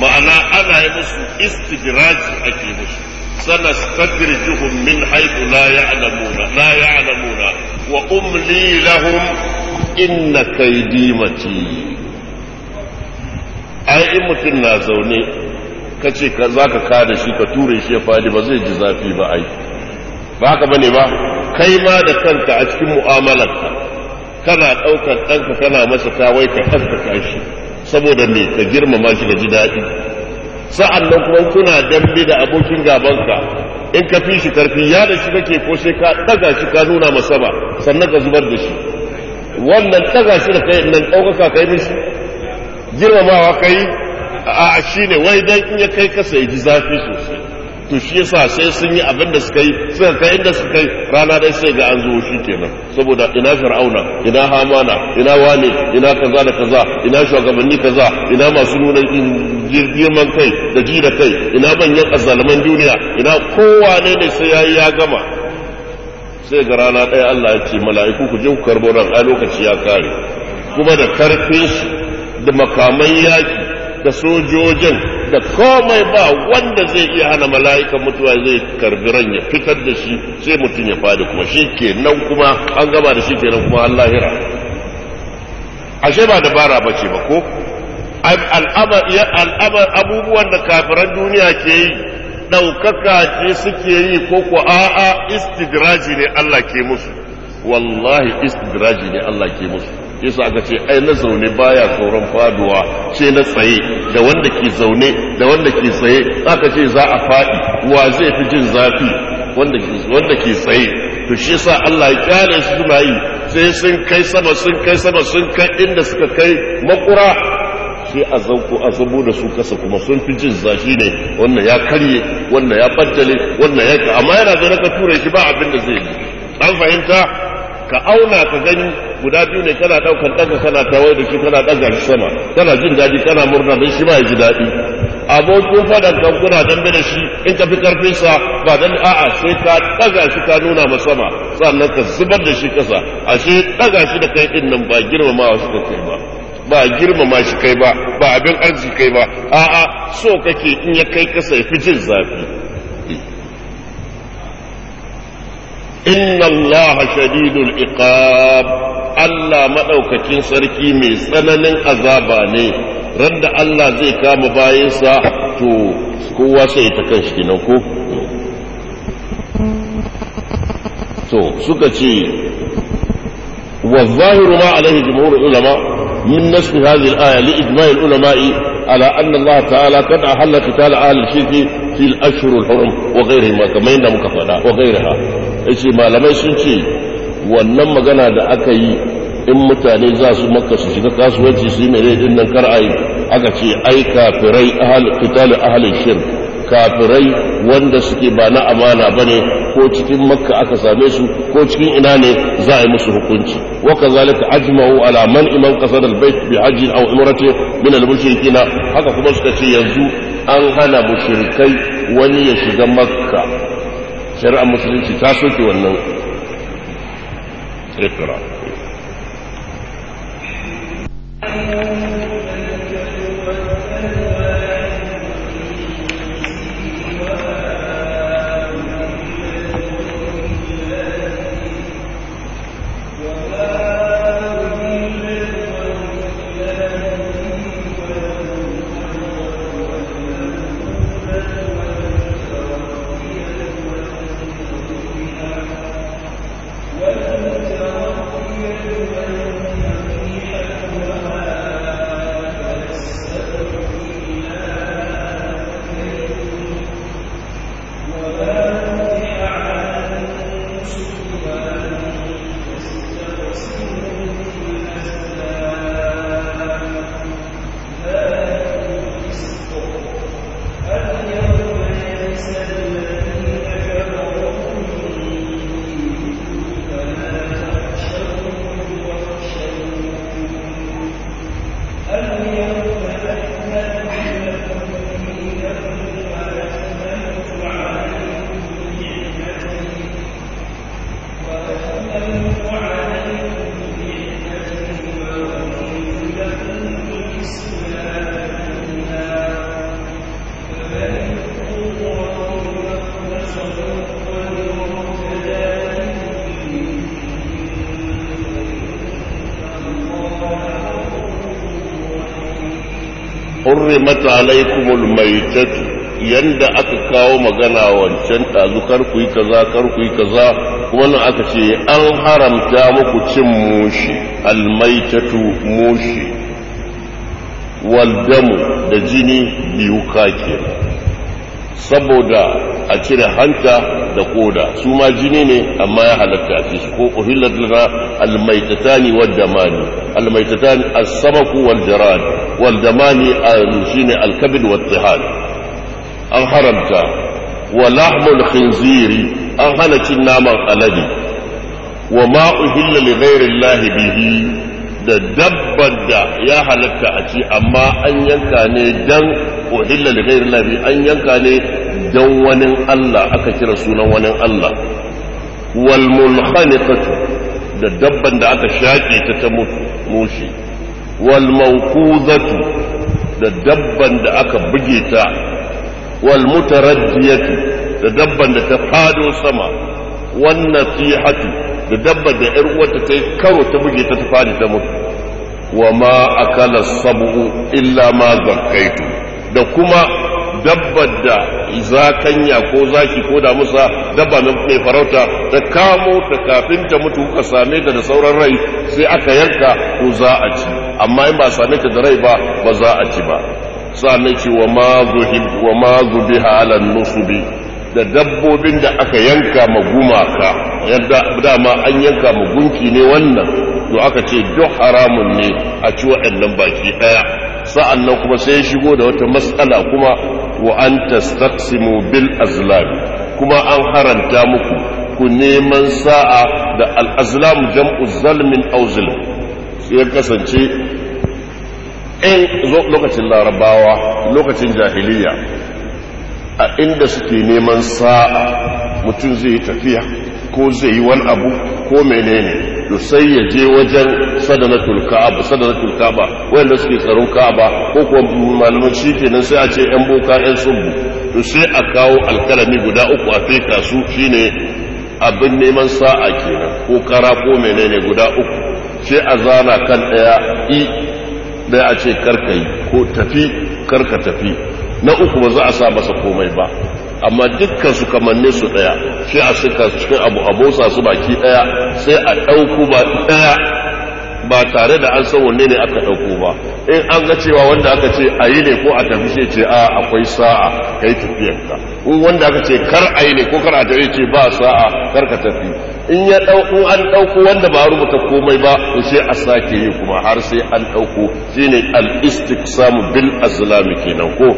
ma'ana ana yi musu istigiraji ake musu sana statirjihum min haitu la ya'lamuna la ya'lamuna wa umli lahum inna kaidi mati ai in mutum na zaune ka ce za ka kada shi ka ture shi ya faɗi ba zai ji zafi ba ai ba haka bane ba kai ma da kanka a cikin mu'amalarka kana ɗaukar ɗanka kana masa kawai ka ɗaukaka shi saboda me ka girmama shi da ji daɗi sa'an nan kuma kuna dambe da abokin gabanka in ka fi shi karfi ya da shi kake ko sai ka ɗaga shi ka nuna masa ba sannan ka zubar da shi wannan ɗaga shi da kai nan ɗaukaka kai mishi girmamawa kai a'a ne. wai dan in ya kai kasa ya ji zafi sosai to shi yasa sai sun yi abin da suka yi suka kai inda suka kai rana dai sai ga an zo shi kenan saboda ina fir'auna ina hamana ina wane ina kaza da kaza ina shugabanni kaza ina masu nuna girman kai da ji da kai ina manyan azzaluman duniya ina kowa ne ne sai yayi ya gama sai ga rana ɗaya Allah ya ce mala'iku ku je ku karbo ran a lokaci ya kare kuma da karfin shi da makaman yaki da sojojin da komai ba wanda zai iya hana mala'ikan mutuwa zai karbi ran ya fitar da shi sai mutum ya fadi kuma shi ke nan kuma an gaba da shi ke nan kuma lahira ashe ba dabara ba ce ba ko abubuwan da kafiran duniya ke yi ɗaukaka ce suke yi ko ko a'a istidraji ne Allah ke musu wallahi istidraji ne Allah ke musu yasa aka ce ai na zaune baya tsoron faduwa ce na tsaye da wanda ke zaune da wanda ke tsaye aka ce za a faɗi wa zai fi jin zafi wanda ke wanda ke tsaye to shi yasa Allah ya kyale su suna yi sai sun kai sama sun kai sama sun kai inda suka kai makura sai a zauko a zubo da su kasa kuma sun fi jin zafi ne wannan ya karye wannan ya baddale wannan ya amma yana da ka tura shi ba abin da zai yi an fahimta ka auna ka gani guda biyu ne kana daukan ɗanka kana tawai da shi kana ɗaga shi sama kana jin daɗi kana murna don shi ba ya daɗi abokin fadan kan kuna dambe da shi in ka fi karfin sa ba dan a'a sai ka ɗaga shi ka nuna ma sama sannan ka zubar da shi kasa ashe ɗaga shi da kai ɗin nan ba girmamawa shi ka kai ba ba girmama shi kai ba ba abin arziki kai ba a'a so kake in ya kai kasa ya fi jin zafi inna allaha shadidul iqab Allah madaukakin sarki mai tsananin azaba ne randa Allah zai kama bayansa to kowa sai ta kan shi nan ko to suka ce wa zahiru ma alaihi jumhurul ulama min nasf hadhihi al-aya li ijma'il ulama'i على أن الله تعالى قد أحل قتال أهل الشرك في الأشهر الحرم وغيرهما كما ينام وغيرها ce malamai sun ce wannan magana da aka yi in mutane za su makka su shiga kasuwanci su yi mai rai nan kar ayi aka ce ai kafirai ahal ahalin shir shirk kafirai wanda suke ba na amana ba ne ko cikin makka aka same su ko cikin ina ne za a yi musu hukunci wa zalika ajma'u ala man iman kasar albayt bi hajj aw umrati min almushrikina haka kuma suka ce yanzu an hana mushrikai wani ya shiga makka shari'ar musulunci ta soke wannan ikra hurrimat alaikumul maitatu yanda aka kawo magana wancan ɗazu kar ku yi kaza kar ku yi kaza wannan aka ce an haramta muku cin mushi almaitatu mushi wal damu da jini biyu kake saboda a cire hanta da koda su ma jini ne amma ya halatta shi ko uhillat lana almaitatani wal damani almaitatani as-sabaku wal jarad wal damani shine al kabid wa tihal an haramta wa lahmul khinziri an hana cin naman alade wa ma uhilla li ghairi bihi da dabbar da ya halatta a ci amma an yanka ne dan uhilla li ghairi an yanka ne dan wani Allah aka kira sunan wani Allah wal mulkhaniqatu da dabban da aka shaƙe ta ta mutu mushi wal mawquzatu da dabban da aka buge ta wal mutaraddiyatu da dabban da ta fado sama wan nasihatu da dabban da yar uwarta ta karo ta buge ta ta fadi ta mutu wa ma akala sabu illa ma zakkaitu da kuma dabba da zakanya ko zaki ko da musa dabba mai farauta ta kamo ta kafin ta mutu ka same ta da sauran rai sai aka yanka ko za a ci amma in ba same ta da rai ba ba za a ci ba sannan ce wa ma wa ma zubiha ala nusubi da dabbobin da aka yanka ma gumaka yadda dama an yanka ma gunki ne wannan to aka ce duk haramun ne a ci waɗannan baki ɗaya sa'annan kuma sai ya shigo da wata matsala kuma wa an tastaqsimu bil azlam kuma an haranta muku ku neman sa'a da al-azlam jam'u zalmin aw zulm ya kasance in lokacin larabawa lokacin jahiliya a inda suke neman sa'a mutum zai yi tafiya ko zai yi wani abu ko menene to sai ya je wajen sadanatul ka'aba sadanatul ka'aba wanda suke tsaron ka'aba ko ko malaman shi kenan sai a ce yan boka yan subu to sai a kawo alkalami guda uku a feka su shine abin neman sa'a kenan ko kara ko menene guda uku sai a zana kan ɗaya i ɗaya a ce karka yi ko tafi karka tafi na uku ba za a sa masa komai ba amma dukkan su kamanne su ɗaya sai a suka cikin abu abosa su baki ɗaya sai a ɗauku ba ɗaya ba tare da an san wanne ne aka ɗauko ba in an ga cewa wanda aka ce a yi ne ko a tafi shi ce a akwai sa'a kai ka ko wanda aka ce kar a yi ne ko kar a tafi ce ba sa'a kar ka tafi in ya ɗauko an ɗauko wanda ba rubuta komai ba to sai a sake yi kuma har sai an ɗauko shine al istiqsam bil azlami kenan ko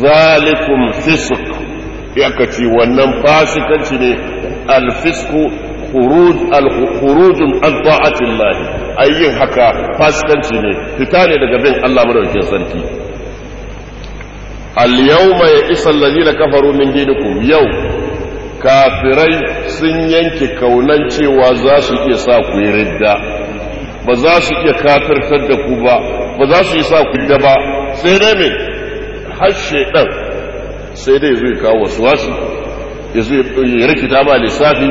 zalikum fisq ya ce wannan fasikanci ne Al Fisku. khuruj al-khuruj an ta'atillah ayyin haka fasikanci ne fita ne daga bin Allah madaukakin sarki al-yawma ya isa allazina kafaru min dinikum yau kafirai sun yanke kaunan cewa za su iya sa ku yi ridda ba za su iya kafirtar da ku ba ba za su iya sa ku da ba sai dai me harshe shedan sai dai zai kawo wasu wasu ya rikita ma lissafi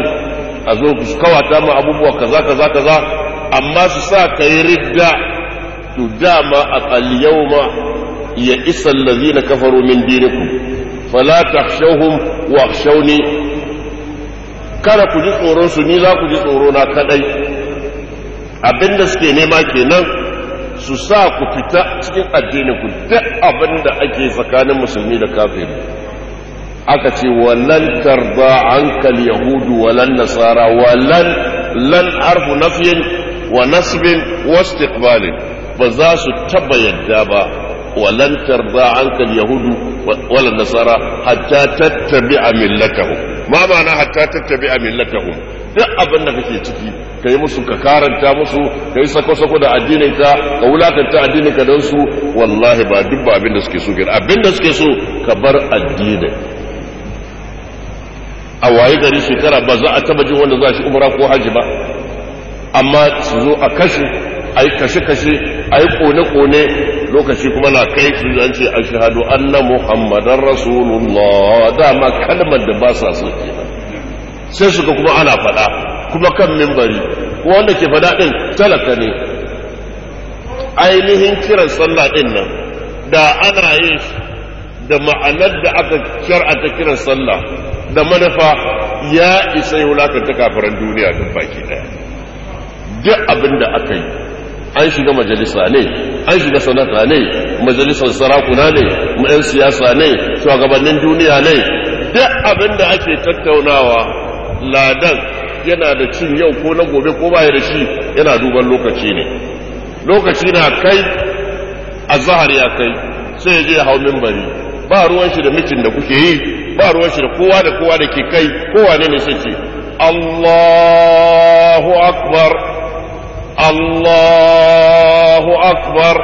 a zo ku kawata mu abubuwa kaza kaza kaza amma su sa kai ridda to dama aqal yawma ya isa allazina kafaru min dinikum fala wa akhshawni kada ku ji tsoron su ni za ku ji tsoro na kadai abinda suke nema kenan su sa ku fita cikin addinin ku duk abinda ake tsakanin musulmi da kafiri aka ce walan tarda ankal yahudu walan nasara walan lan arfu nafyin wa nasbin wa istiqbalin ba za su taba yadda ba walan tarda ankal yahudu walan nasara hatta tattabi millatahum ma ma'ana hatta tattabi millatahum duk abin da kake ciki ka yi musu ka karanta musu ka sako-sako da addinin ka wulakanta ka don su wallahi ba duk ba abin da suke so abin da suke so ka bar addinin a waye gari shekara ba za a taba jin wanda za shi umra ko haji ba amma su zo a kashe a yi kashe-kashe a yi kone-kone lokaci kuma na kai su zan ce a shahadu anna muhammadan rasulullah dama kalmar da ba sa so sai suka kuma ana faɗa kuma kan mimbari wanda ke faɗa ɗin talaka ne ainihin kiran sallah ɗin nan da ana yin da ma'anar da aka shar'ata kiran sallah da manufa ya isa ya wulakanta kafaran duniya duk baki ɗaya duk abin da aka yi an shiga majalisa ne an shiga sanata ne majalisar sarakuna ne ma'yan siyasa ne shugabannin duniya ne duk abin da ake tattaunawa ladan yana da cin yau ko na gobe ko baya da shi yana duban lokaci ne lokaci na kai a zahar ya kai sai ya je hau mimbari ba ruwan shi da mikin da kuke yi ba ruwan shi da kowa da kowa da ke kai kowa ne ne sai Allahu akbar Allahu akbar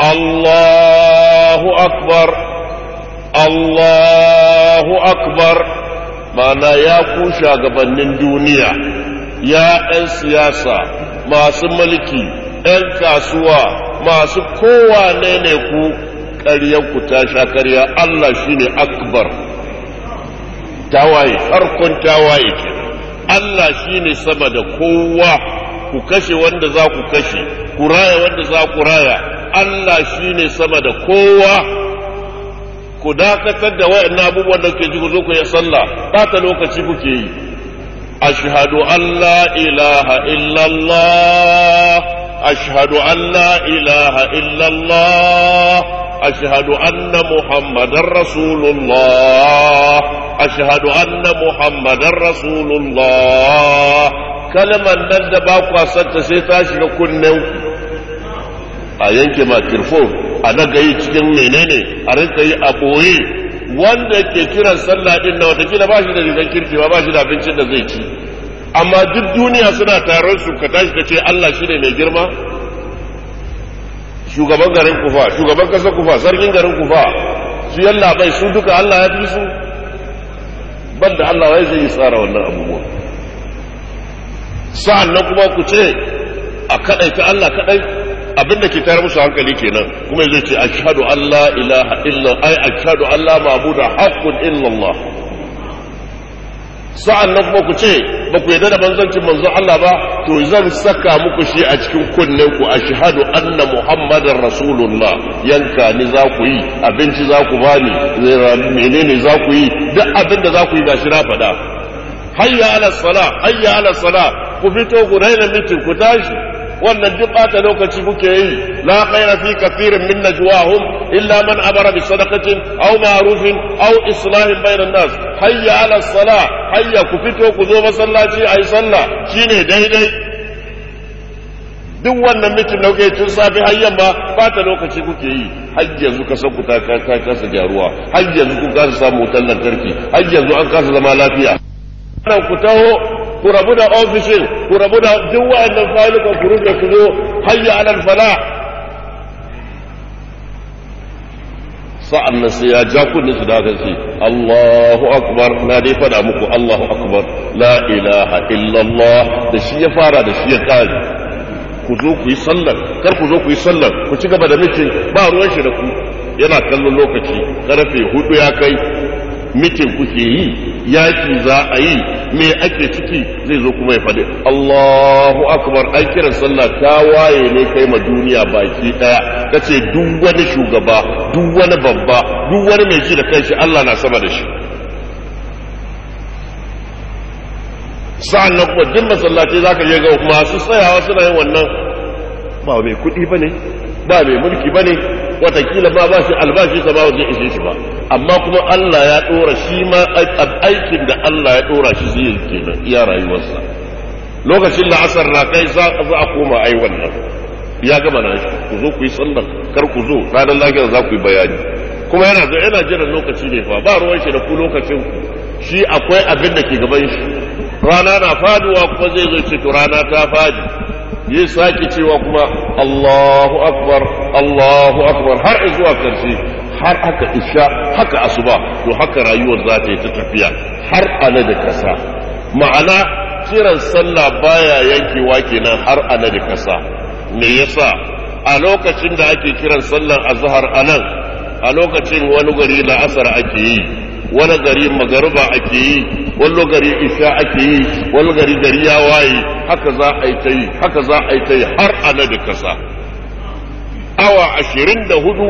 Allahu akbar Allahu akbar mana ya ku shagabannin duniya ya 'yan siyasa masu mulki 'yan kasuwa masu kowa ne ne ku ku ta sha karya Allah shi ne, akbar tawaye farkon tawaye ke Allah shi ne sama da kowa ku kashe wanda za ku kashe ku raya wanda za ku raya Allah shi ne sama da kowa ku dakatar da na abubuwan da ke ji ku zo ku yi sallah ta lokaci kuke yi ashhadu an la ilaha illallah ashhadu an la ilaha illallah أشهد أن محمد رسول الله أشهد أن محمد رسول الله كلمة ندبا قاسة سيتاش لكنه a yanke makirfo a daga cikin menene a rinka yi a ɓoye wanda ke kiran sallah din na watakila ba shi da rigar kirki ba ba da abincin da zai ci amma duk duniya suna taron su ka tashi ka ce Allah shi ne mai girma shugaban garin kufa shugaban ƙasar kufa sarkin garin kufa su yallaɓai su duka allah ya fi su ban da allah wai zai yi tsara wannan abubuwa. sa'an nan kuma ku ce a kaɗai ta allah kaɗai abinda ke tayar musu hankali kenan kuma zai ce ashhadu an la ilaha illa ai ashhadu an la ma'budu haqqun illallah sa'an nan kuma ku ce ba ku yarda da banzancin manzon Allah ba to zan saka muku shi a cikin kunnen ku a shahadu anna muhammadin rasulullah yanka ni za ku yi abinci za ku bani menene za ku yi duk abin da za ku yi gashi na faɗa hayya ala sala hayya ala sala ku fito ku raina mitin ku tashi wannan duk bata lokaci kuke yi la khaira fi kathirin min najwahum illa man amara bi sadaqatin aw ma'rufin aw islahin bainan nas hayya ala salah hayya ku fito ku zo masallaci ayi sallah shine daidai duk wannan mutum da kuke tun safi hayyan ba ta lokaci kuke yi har yanzu ka san ku ta kasa gyaruwa har yanzu kun kasa samu wutar lantarki har yanzu an kasa zama lafiya ku taho ku rabu da ofishin ku rabu da duk wa'annan fayilukan ku rufe su zo hayya alal fala sa'an nan sai ya ja kunni su daga ce Allahu akbar na dai fada muku Allahu akbar la ilaha illallah da shi ya fara da shi ya kare ku zo ku yi sallar kar ku zo ku yi sallar ku ci gaba da mitin ba ruwan shi da ku yana kallon lokaci karfe hudu ya kai mitin kuke yi yaki za a yi me ake ciki zai zo kuma ya faɗi Allahu akbar an kiran sallah ta waye ne kai ma duniya baki daya kace duk wani shugaba duk wani babba duk wani mai ji da kanshi Allah na sama da shi sa'an kuma duk masallaci zaka je ga masu tsayawa suna yin wannan ba mai kuɗi bane ba mai mulki bane watakila ba ba shi albashi sa ba zai ishe shi ba amma kuma Allah ya dora shi ma aikin da Allah ya dora shi zai kenan iya rayuwarsa lokacin la'asar na kai za a koma ai wannan ya gama na shi ku zo ku yi sallar kar ku zo ranar lafiyar za ku yi bayani kuma yana zo yana jiran lokaci ne fa ba ruwan shi da ku lokacin ku shi akwai abin da ke gaban shi rana na faduwa kuma zai zo ce to rana ta fadi ya sake cewa kuma Allahu akbar Allahu akbar har zuwa karshe har haka isha haka asuba to haka rayuwar za ta yi ta tafiya har ana da kasa ma'ana kiran sallah baya yankewa kenan har ana da kasa me yasa a lokacin da ake kiran sallar azhar anan a lokacin wani gari la'asar ake yi wani gari magariba ake yi wani gari isha ake yi wani gari gari ya waye haka za a yi ta haka za a yi ta har ana da kasa awa ashirin da hudu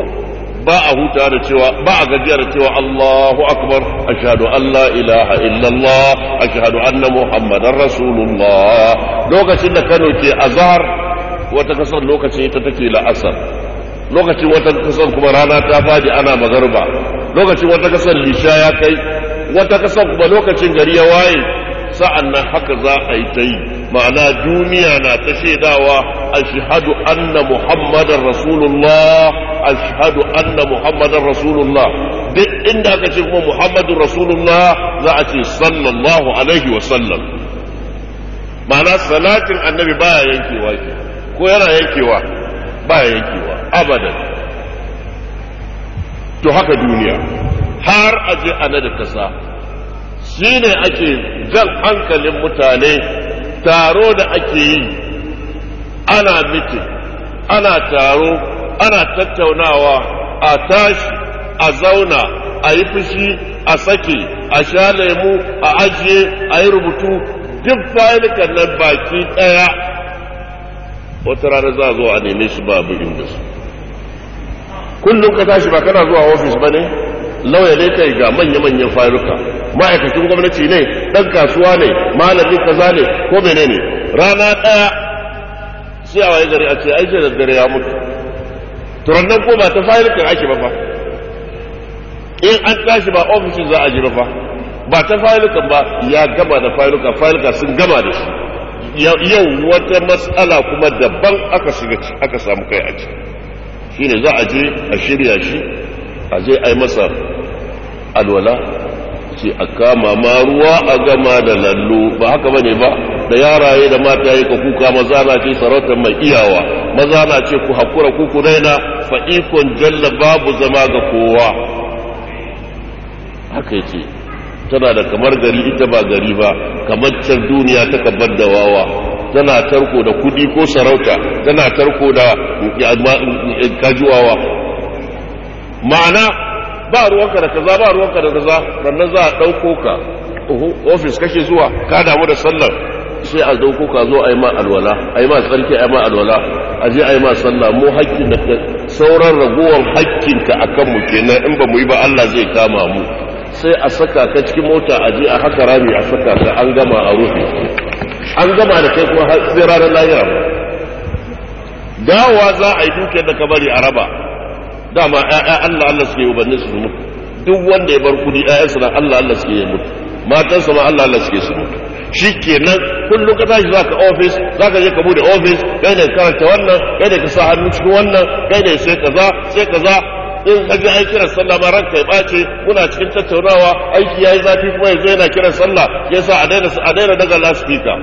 ba a huta da cewa ba a gajiya da cewa Allahu akbar ashhadu an la ilaha illallah ashhadu anna muhammadar rasulullah lokacin da Kano ke azhar wata kasar lokacin ita take Asar lokacin wata kasar kuma rana ta fadi ana magarba lokacin wata kasar lisha ya kai wata kasar kuma lokacin gari ya waye sa'an nan haka za a yi ta yi ma'ana duniya na ta shaidawa a shahadu anna muhammadan rasulullah shahadu anna muhammadan rasulullah duk inda aka ce kuma muhammadun rasulullah za a ce sallallahu alaihi wa sallam ma'ana salatin annabi baya yankewa ko yana yankewa baya yankewa abadan to haka duniya har aje ana da kasa Shi ne ake jan hankalin mutane taro da ake yi ana miti ana taro ana tattaunawa a tashi a zauna a yi fushi a sake a sha lemu a ajiye a yi rubutu duk fayilukan nan baki ɗaya wata rana za a zo a neme shi babu inda su kullum ka tashi ba kana zuwa ofis ba ne lauya ne kai ga manya-manyan faruka ma'aikacin gwamnati ne ɗan kasuwa ne malamin kaza ne ko menene rana ɗaya sai a waye gari a ce ai da dare ya mutu turannan ko ba ta farukan ake ba fa in an tashi ba ofishin za a ji ba fa ba ta farukan ba ya gama da faruka faruka sun gama da shi yau wata matsala kuma daban aka shiga aka samu kai a ciki shine za a je a shirya shi a je a yi masa alwala ce a kama ma ruwa a gama da lallo ba haka bane ba da yaraye da mata yi ka kuka maza na ce sarautar mai iyawa maza na ce ku hakura ku ku daina fa ikon jalla babu zama ga kowa haka yace tana da kamar gari ita ba gari ba kamar can duniya ta kabar da wawa tana tarko da kudi ko sarauta tana tarko da kajuwawa ma'ana ba ruwanka da kaza ba ruwanka da kaza sannan za a ɗauko ka ofis kake zuwa ka damu da sallar sai a ɗauko ka zo a yi ma alwala a yi ma tsarki a yi ma alwala a je a yi ma sallah mu hakkin da sauran ragowar ka a kanmu kenan in ba mu yi ba Allah zai kama mu sai a saka ka cikin mota a je a haka rami a saka ka an gama a rufe an gama da kai kuma sai ranar lahira dawowa za a yi duke da ka bari a raba dama ƴaƴa Allah Allah suke ubanni su mutu duk wanda ya bar kudi ƴaƴansa na Allah Allah suke ya mutu matansa ma Allah Allah suke su mutu shikenan kullum ka tashi zaka office zaka je ka bude office kai da karanta wannan kai da ka sa hannu cikin wannan kai da sai kaza sai kaza in ka ji ai kiran sallah ba ranka ya bace muna cikin tattaunawa aiki yayi zafi kuma yanzu yana kiran sallah yasa a daina a daina daga last speaker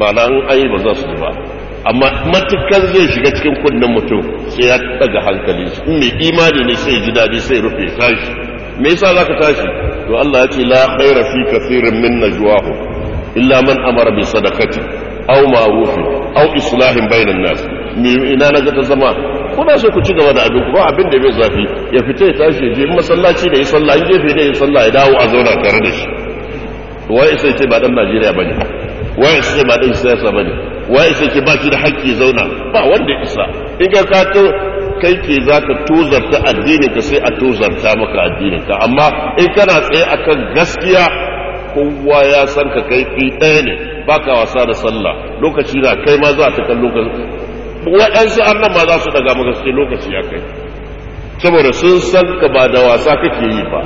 ba nan ai ba za su ji ba amma matukar zai shiga cikin kunnen mutum sai ya daga hankali in mai imani ne sai ji dadi sai rufe tashi me yasa zaka tashi to Allah ya ce la khaira fi kathirin min najwahu illa man amara bi sadaqati aw ma'ruf aw islahin bainan nas me ina naga ta zama kuna so ku ci gaba da abin ku ba abin da bai zafi ya fita ya tashi je masallaci da ya sallah in gefe da ya sallah ya dawo a zauna tare da shi wai sai ce ba dan Najeriya bane wai sai ba dan siyasa bane wa sai ke ba shi da haƙƙi zauna ba wanda isa in ka ka kai ke za ka tozarta addinin ka sai a tozarta maka addinin ka amma in kana tsaye akan gaskiya kowa ya san ka kai ɗaya ne baka wasa da sallah lokaci na kai ma za ta kallo ka waɗansu annan ma za su daga maka sai lokaci ya kai saboda sun san ka ba da wasa kake yi ba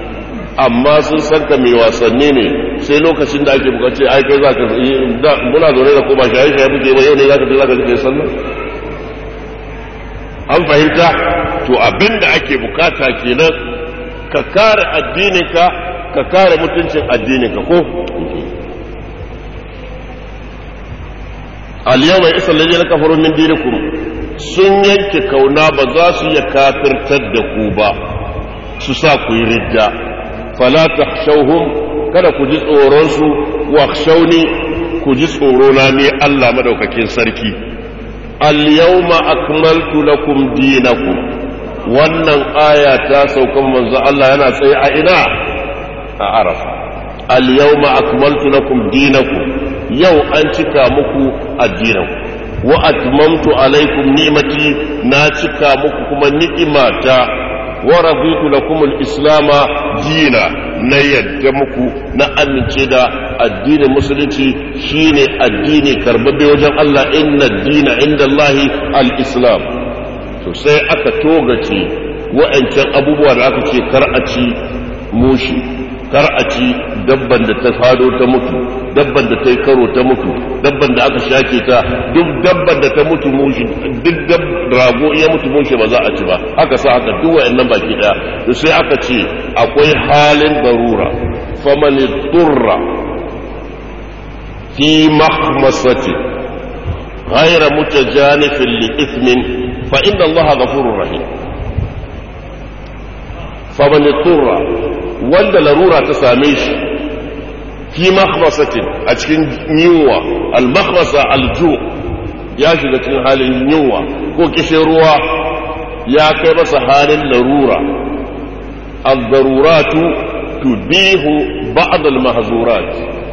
amma sun san ka mai wasanni ne sai lokacin da ake bukace ai kai za ka da muna zaune da kuma shaye shaye buke ba yau ne za ka je za ka ji sallah an fahimta to abin da ake bukata kenan ka kare addininka ka kare mutuncin addininka ko al-yawma isa alladhina kafaru min dinikum sun yanke kauna ba za su iya kafirtar da ku ba su sa ku yi ridda fala takhshawhum kada ku ji tsoron su wakhshawni ku ji tsoro na ne Allah madaukakin sarki al-yawma akmaltu lakum dinakum wannan aya ta saukan manzo Allah yana tsaye a ina a Arafa al-yawma akmaltu lakum dinakum yau an cika muku addinanku wa atmamtu alaikum ni'mati na cika muku kuma ni'imata wa raditu lakum al-islam dina na yadda muku na amince da addinin musulunci shine addini karbabbe wajen Allah inna dina inda Allah al-islam to sai aka togace wa'ancan abubuwa da aka ce kar a ci mushi kar a ci dabban da ta fado ta mutu dabban da ta yi karo ta mutu dabban da aka shake ta duk dabban da ta mutu mushi duk dab rago ya mutu mushi ba za a ci ba haka sa haka duk wa'annan baki daya to sai aka ce akwai halin barura faman turra fi mahmasati ghayra mutajanifin li ithmin fa inna allaha ghafurur rahim faman turra wanda larura ta same shi fi makhmasatin a cikin yunwa al-makhmasa al ya shiga cikin halin yunwa ko kishin ruwa ya kai masa halin larura al-daruratu bihu ba'd al-mahzurat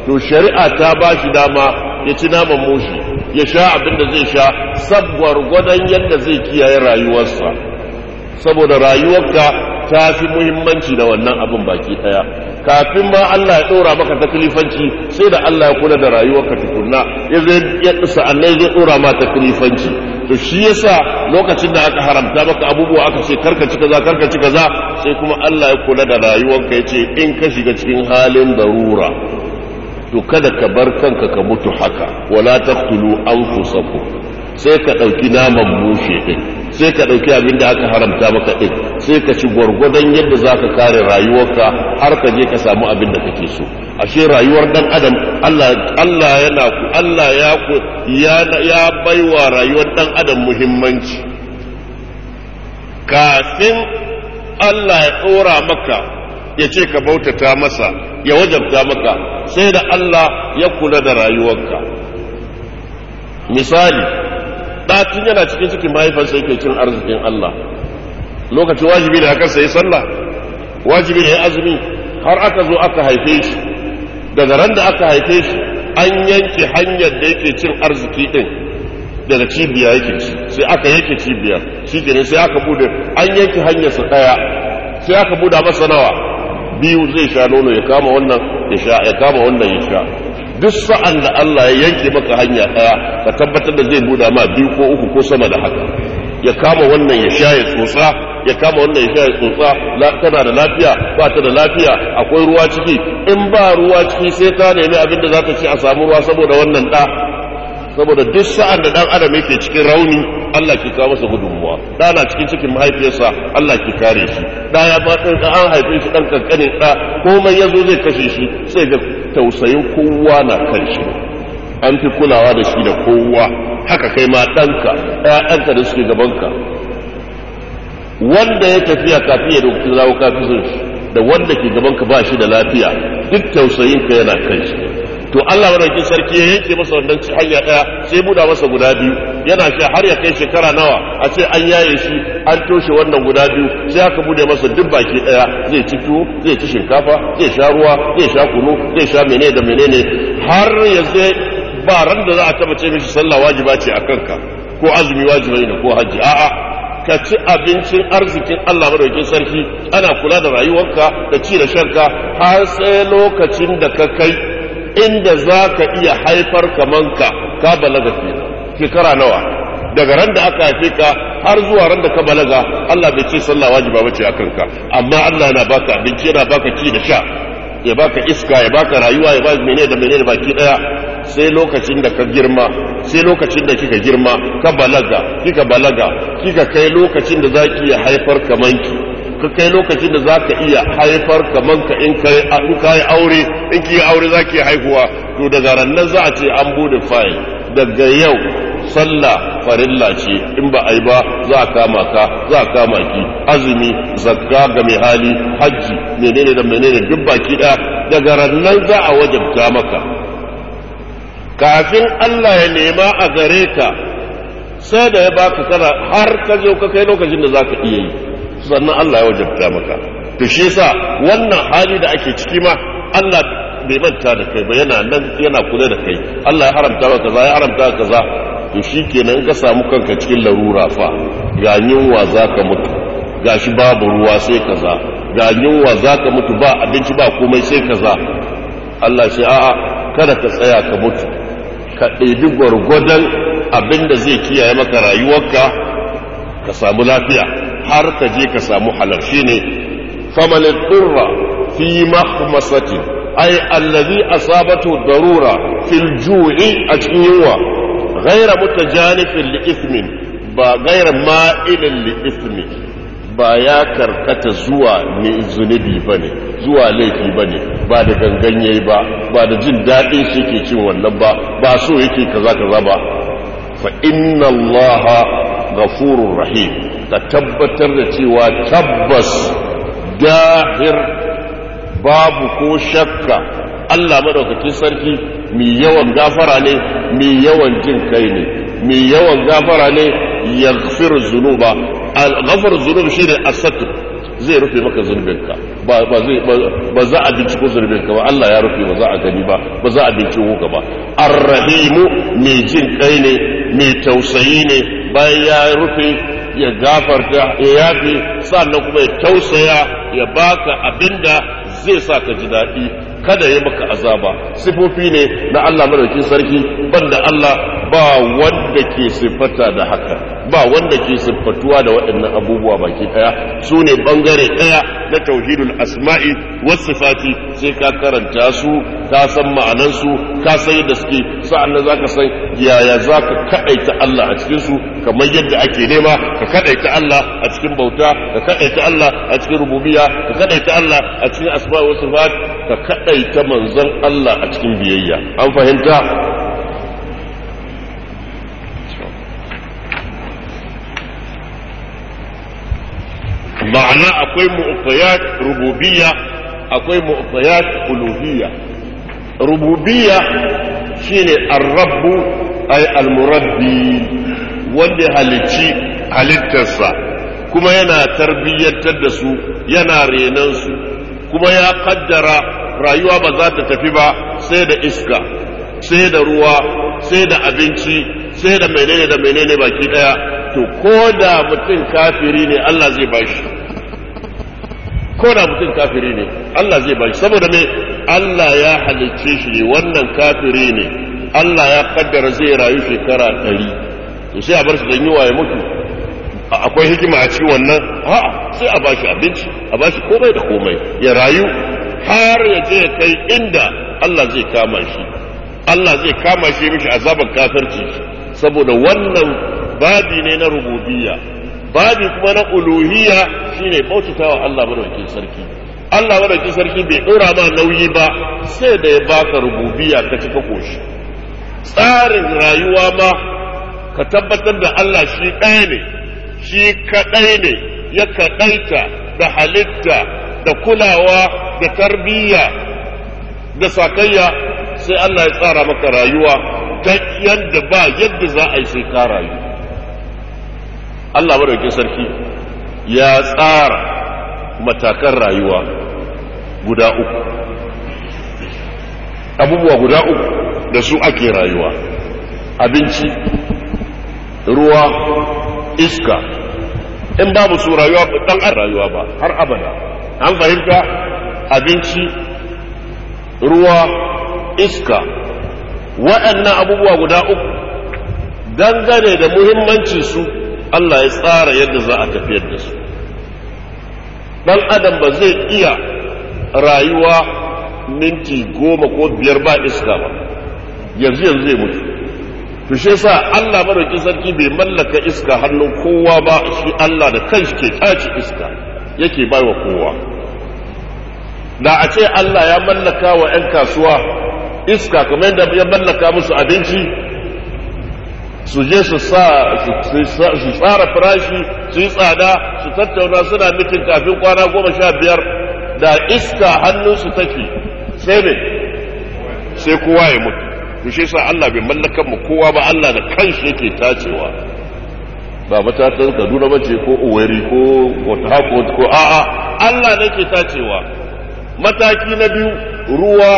to shari'a ta ba shi dama ya ci naman moshi ya sha abin da zai sha sabuwar gwadon yadda zai kiyaye rayuwarsa saboda rayuwarka ta fi muhimmanci da wannan abin baki daya kafin ma Allah ya dora maka taklifanci sai da Allah ya kula da rayuwarka tukunna ya zai ya sa'annan zai dora ma taklifanci to shi yasa lokacin da aka haramta maka abubuwa aka ce karka cika za karka cika za sai kuma Allah ya kula da rayuwarka ya ce in ka shiga cikin halin darura to kada ka bar kanka ka mutu haka wala taqtulu anfusakum sai ka dauki naman bushe din sai ka ɗauki abin da aka haramta maka ɗin sai ka ci gwargwadon yadda za ka kare rayuwarka har ka je ka samu abin da kake so ashe rayuwar dan adam Allah Allah yana ku Allah ya ku ya ya baiwa rayuwar dan adam muhimmanci kafin Allah ya ɗora maka ya ce ka bautata masa ya wajabta maka sai da Allah ya kula da rayuwarka misali ɗatin tun yana cikin cikin mahaifarsa yake cin arzikin Allah lokacin wajibi da kansa yi sallah wajibi ne azumi har aka zo aka haife shi daga ran da aka haife shi an yanke hanyar da yake cin arziki ɗin daga cibiya yake ci sai aka yanke cibiya shi kenan sai aka bude an yanke hanyarsa ɗaya sai aka buda masa nawa biyu zai sha nono ya kama wannan ya sha ya kama wannan ya sha duk sa'an da Allah ya yanke maka hanya ɗaya ka tabbatar da zai buɗa ma biyu ko uku ko sama da haka ya kama wannan ya sha ya tsotsa ya kama wannan ya sha ya tsotsa tana da lafiya ba ta da lafiya akwai ruwa ciki in ba ruwa ciki sai ta nemi abin da za ta ci a samu ruwa saboda wannan ɗa saboda duk sa'an da ɗan adam yake cikin rauni Allah ke kawo masa gudunmuwa ɗa na cikin cikin mahaifiyarsa Allah ke kare shi ɗa ya ba ɗan an haife shi ɗan kankanin ɗa komai ya zo zai kashe shi sai ga tausayin kowa na kan shi an fi kulawa da shi da kowa haka kai ma ɗanka ɗanka da suke gabanka wanda ya tafiya kafin ya dauki zawo kafin da wanda ke gabanka ba shi da lafiya duk tausayin ka yana kan shi to Allah madaukin sarki ya yanke masa wannan hanya daya sai buda masa guda biyu yana sha har ya kai shekara nawa a ce an yaye shi an toshe wannan guda biyu sai aka bude masa duk baki daya zai ci tuwo zai ci shinkafa zai sha ruwa zai sha kunu zai sha menene da menene har ya zai ba ran da za a taba ce mishi sallah wajiba ce a kanka ko azumi wajiba ne ko haji a'a ka ci abincin arzikin Allah madaukin sarki ana kula da rayuwarka da ci da shanka har sai lokacin da ka kai inda za ka iya haifar kamanka ka balaga shekara nawa daga ran da aka haife ka har zuwa ran da ka balaga Allah bai ce sallah wajiba bace a kanka amma Allah na baka abinci yana baka ci da sha ya baka iska ya baka rayuwa ya baka menene da menene baki daya sai lokacin da ka girma sai lokacin da kika girma ka balaga kika balaga kika kai lokacin da zaki ya haifar ki. ka kai lokacin da za ka iya haifar kaman ka in ka yi aure in ki aure za zaki haihuwa to daga rannan za a ce an bude fayil daga yau sallah farilla ce in ba a yi ba za a kama ka za a kama ki azumi zakka ga mai hali hajji menene da menene duk baki da daga rannan za a wajabta maka kafin Allah ya nema a gare ka sai da ya baka kana har ka zo ka kai lokacin da zaka iya yi sannan Allah ya wajabta maka to shi yasa wannan hali da ake ciki ma Allah bai manta da kai ba yana nan yana kula da kai Allah ya haramta maka kaza ya haramta maka kaza to shikenan ka samu kanka cikin larura fa ga yunwa zaka mutu gashi babu ruwa sai kaza ga yunwa zaka mutu ba abinci ba komai sai kaza Allah ce a'a kada ka tsaya ka mutu ka ɗebi gwargwadon abin da zai kiyaye maka rayuwarka ka samu lafiya har ka je ka samu halal ne. faman durra fi Ai ay allazi asabatu darura fil ju'i a cikin yunwa ghaira mutajanifin li ismin ba gaira ma'ilin li ismi ba ya karkata zuwa ne zunubi ba ne zuwa laifi ba ne ba da ganganye ba ba da jin daɗin shi ke cin wannan ba ba so yake kaza kaza ba fa inna allaha ghafurur rahim ka tabbatar da cewa tabbas dahir babu ko shakka Allah madaukakin sarki mai yawan gafara ne mai yawan jin kai ne mai yawan gafara ne ya zunuba al-ghafar zunub shine a satur zai rufe maka zunubinka ba ba za a binciko zunubinka ba Allah ya rufe ba za a gani ba ba za a binciko ka ba ar-rahimu mai jin kai ne mai tausayi ne bayan ya rufe ya gafarta ya yafi sannan kuma ya tausaya ya baka abinda zai sa ka ji daɗi kada ya maka azaba sifofi ne na Allah madaukin sarki banda Allah ba wanda ke sifata da haka ba wanda ke siffatuwa da waɗannan abubuwa baki ɗaya su ne ɓangare ɗaya na tauhidul asma'i wasu sifati sai ka karanta su ka san ma'anansu ka san yadda suke sa'an nan zaka san yaya zaka kaɗaita Allah a cikin kamar yadda ake nema ka kaɗaita Allah a cikin bauta ka kaɗaita Allah a cikin rububiya, ka kaɗaita Allah a cikin asma'i wasu sifati ka kaɗaita manzon Allah a cikin biyayya an fahimta ma'ana akwai mu'tiyat rububiyya akwai mu'tiyat uluhiyya rububiyya shine ar-rabbu ay al-murabbi wanda halicci halittarsa kuma yana tarbiyyantar da su yana renan su kuma ya kaddara rayuwa ba za ta tafi ba sai da iska sai da ruwa sai da abinci sai da menene da menene baki daya to ko da mutum kafiri ne Allah zai bashi ko da mutum kafiri ne Allah zai shi saboda me Allah ya halicce shi ne wannan kafiri ne Allah ya kaddara zai rayu shekara ɗari to sai a bar shi don yi waye mutu akwai hikima a ci wannan a'a sai a bashi abinci a bashi komai da komai ya rayu har ya je kai inda Allah zai kama shi Allah zai kama shi mishi azabar kafirci saboda wannan babi ne na rububiyya babi kuma na uluhiyya shine bautatawa Allah madaukakin sarki Allah madaukakin sarki bai dora ma nauyi ba sai da ya baka rububiyya ka cika koshi tsarin rayuwa ma ka tabbatar da Allah shi ɗaya ne shi kaɗai ne ya kaɗaita da halitta da kulawa da tarbiyya da sakayya sai Allah ya tsara maka rayuwa ta yadda ba yadda za a yi sai ka rayu Allah madaukin sarki ya tsara matakan rayuwa guda uku abubuwa guda uku da su ake rayuwa abinci ruwa iska in babu su rayuwa dan an rayuwa ba har abada an fahimta abinci ruwa iska waɗannan abubuwa guda uku dangane da muhimmancin su Allah ya tsara yadda za a tafiyar da su dan adam ba zai iya rayuwa minti goma ko biyar ba iska ba yanzu yanzu zai mutu to shi yasa Allah madauki sarki bai mallaka iska hannun kowa ba shi Allah da kanshi ke tace iska yake baiwa kowa da a ce Allah ya mallaka wa 'yan kasuwa iska kamar yadda ya mallaka musu abinci su je su tsara farashi su yi tsada su tattauna suna mitin kafin kwana goma sha biyar da iska hannunsu take sai ne sai kowa ya mutu to shi sa Allah bai mallakan mu kowa ba Allah da kanshi yake tacewa ba matatan Kaduna bace ko Owerri ko Port Harcourt ko a'a Allah ne ke tacewa mataki na biyu ruwa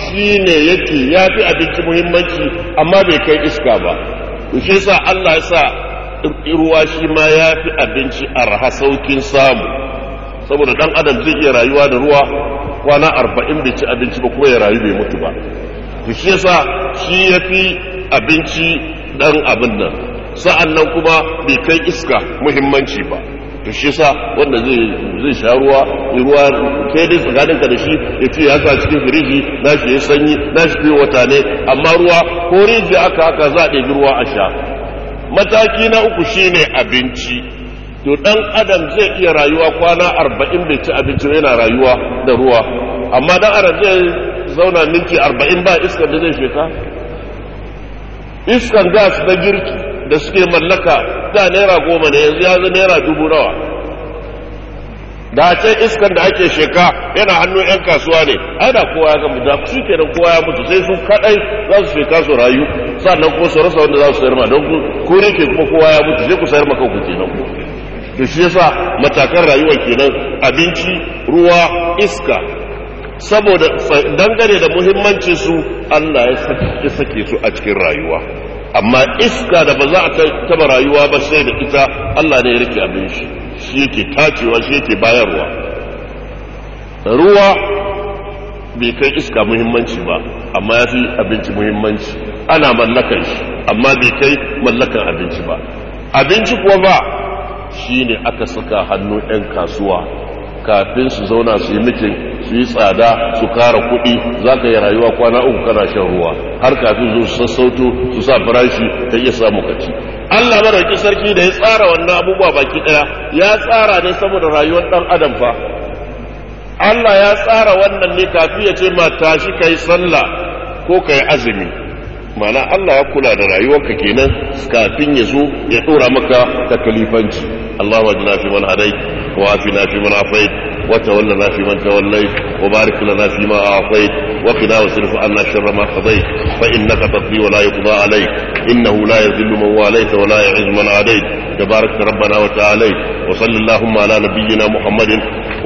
shi ne yake ya fi abinci muhimmanci amma bai kai iska ba shi sa Allah ya sa ruwa shi ma ya fi abinci arha saukin samu saboda dan adam zai iya rayuwa da ruwa kwana arba'in bai ci abinci ba kuma ya rayu bai mutu ba shi yasa shi ya fi abinci dan abin nan sa'an nan kuma bai kai iska muhimmanci ba to shi sa wanda zai sha ruwa ruwa kai dai tsakanin ka da shi ya ce ya sa cikin firiji na shi ya sanyi na shi biyu wata ne amma ruwa ko rijiya aka aka za a ɗebi ruwa a sha mataki na uku shi ne abinci to ɗan adam zai iya rayuwa kwana arba'in bai ci abinci yana rayuwa da ruwa amma ɗan adam zai zauna minti arba'in ba iskar da zai sheka iskan gas na girki da suke mallaka da naira goma ne yanzu ya zama naira dubu nawa da ce iskan da ake sheka yana hannu 'yan kasuwa ne ai da kowa ya gamu da su kenan kowa ya mutu sai su kadai za su sheka su rayu sannan ko su rasa wanda za su sayar ma don ku rike kuma kowa ya mutu sai ku sayar ma kanku kenan ku to shi yasa matakan rayuwa kenan abinci ruwa iska saboda dangane da muhimmancin su Allah ya sake su a cikin rayuwa amma iska da ba za a taba rayuwa ba sai da ita Allah ne ya rike abin shi shi yake tacewa shi yake bayarwa ruwa bai kai iska muhimmanci ba amma ya fi abinci muhimmanci ana mallakan shi amma bai kai mallakan abinci ba abinci kuwa ba shi ne aka saka hannu 'yan kasuwa kafin su zauna su yi mikin su yi tsada su kara kuɗi za ka yi rayuwa kwana uku kana shan ruwa har kafin zo su sassauto su sa farashi ta iya samu kaci Allah yake sarki da ya tsara wannan abubuwa baki ɗaya ya tsara ne saboda rayuwar ɗan adam fa Allah ya tsara wannan ne kafin ya ce ma tashi ka yi sallah ko ka yi azumi ma'ana Allah ya kula da rayuwarka kenan kafin ya zo ya ɗora maka takalifanci Allah jina fi man hadai wa na fi man afai وتول لنا في من توليت وبارك لنا فيما أعطيت وقنا واصرف عنا شر ما قضيت فإنك تقضي ولا يقضى عليك إنه لا يذل من واليت ولا يعز من عاديت تبارك ربنا وتعاليت وصل اللهم على نبينا محمد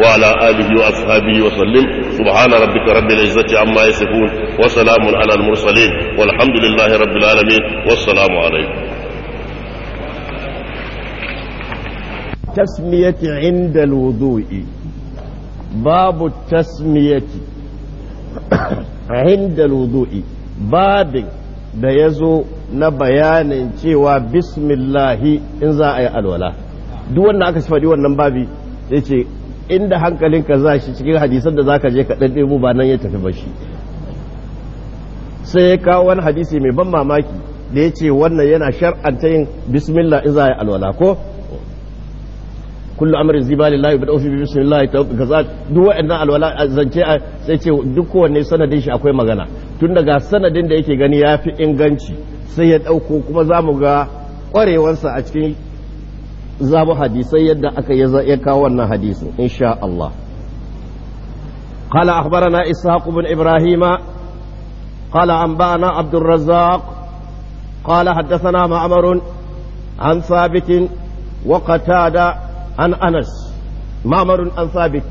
وعلى آله وأصحابه وسلم سبحان ربك رب العزة عما يصفون وسلام على المرسلين والحمد لله رب العالمين والسلام عليكم تسمية عند الوضوء babu tasmiyati inda wudu'i babin da ya zo na bayanin cewa bismillahi in za a yi alwala duk wanda aka faɗi wannan babi ya ce inda hankalinka za shi cikin hadisan da zaka je ka ɗanɗe ba nan ya tafi ba shi sai ya kawo wani hadisi mai ban mamaki da ya ce wannan yana shar'anta yin bismillah in za a yi alwala ko kullu amrin ziba lillahi bi dawfi bi bismillah kaza duk wa'annan alwala zance sai ce duk wanne sanadin shi akwai magana tun daga sanadin da yake gani yafi inganci sai ya dauko kuma zamu ga kwarewansa a cikin zabu hadisai yadda aka ya kawo wannan hadisin insha Allah قال أخبرنا إسحاق بن إبراهيم قال أنبأنا عبد الرزاق قال حدثنا معمر عن ثابت وقتادة عن أنس معمر عن ثابت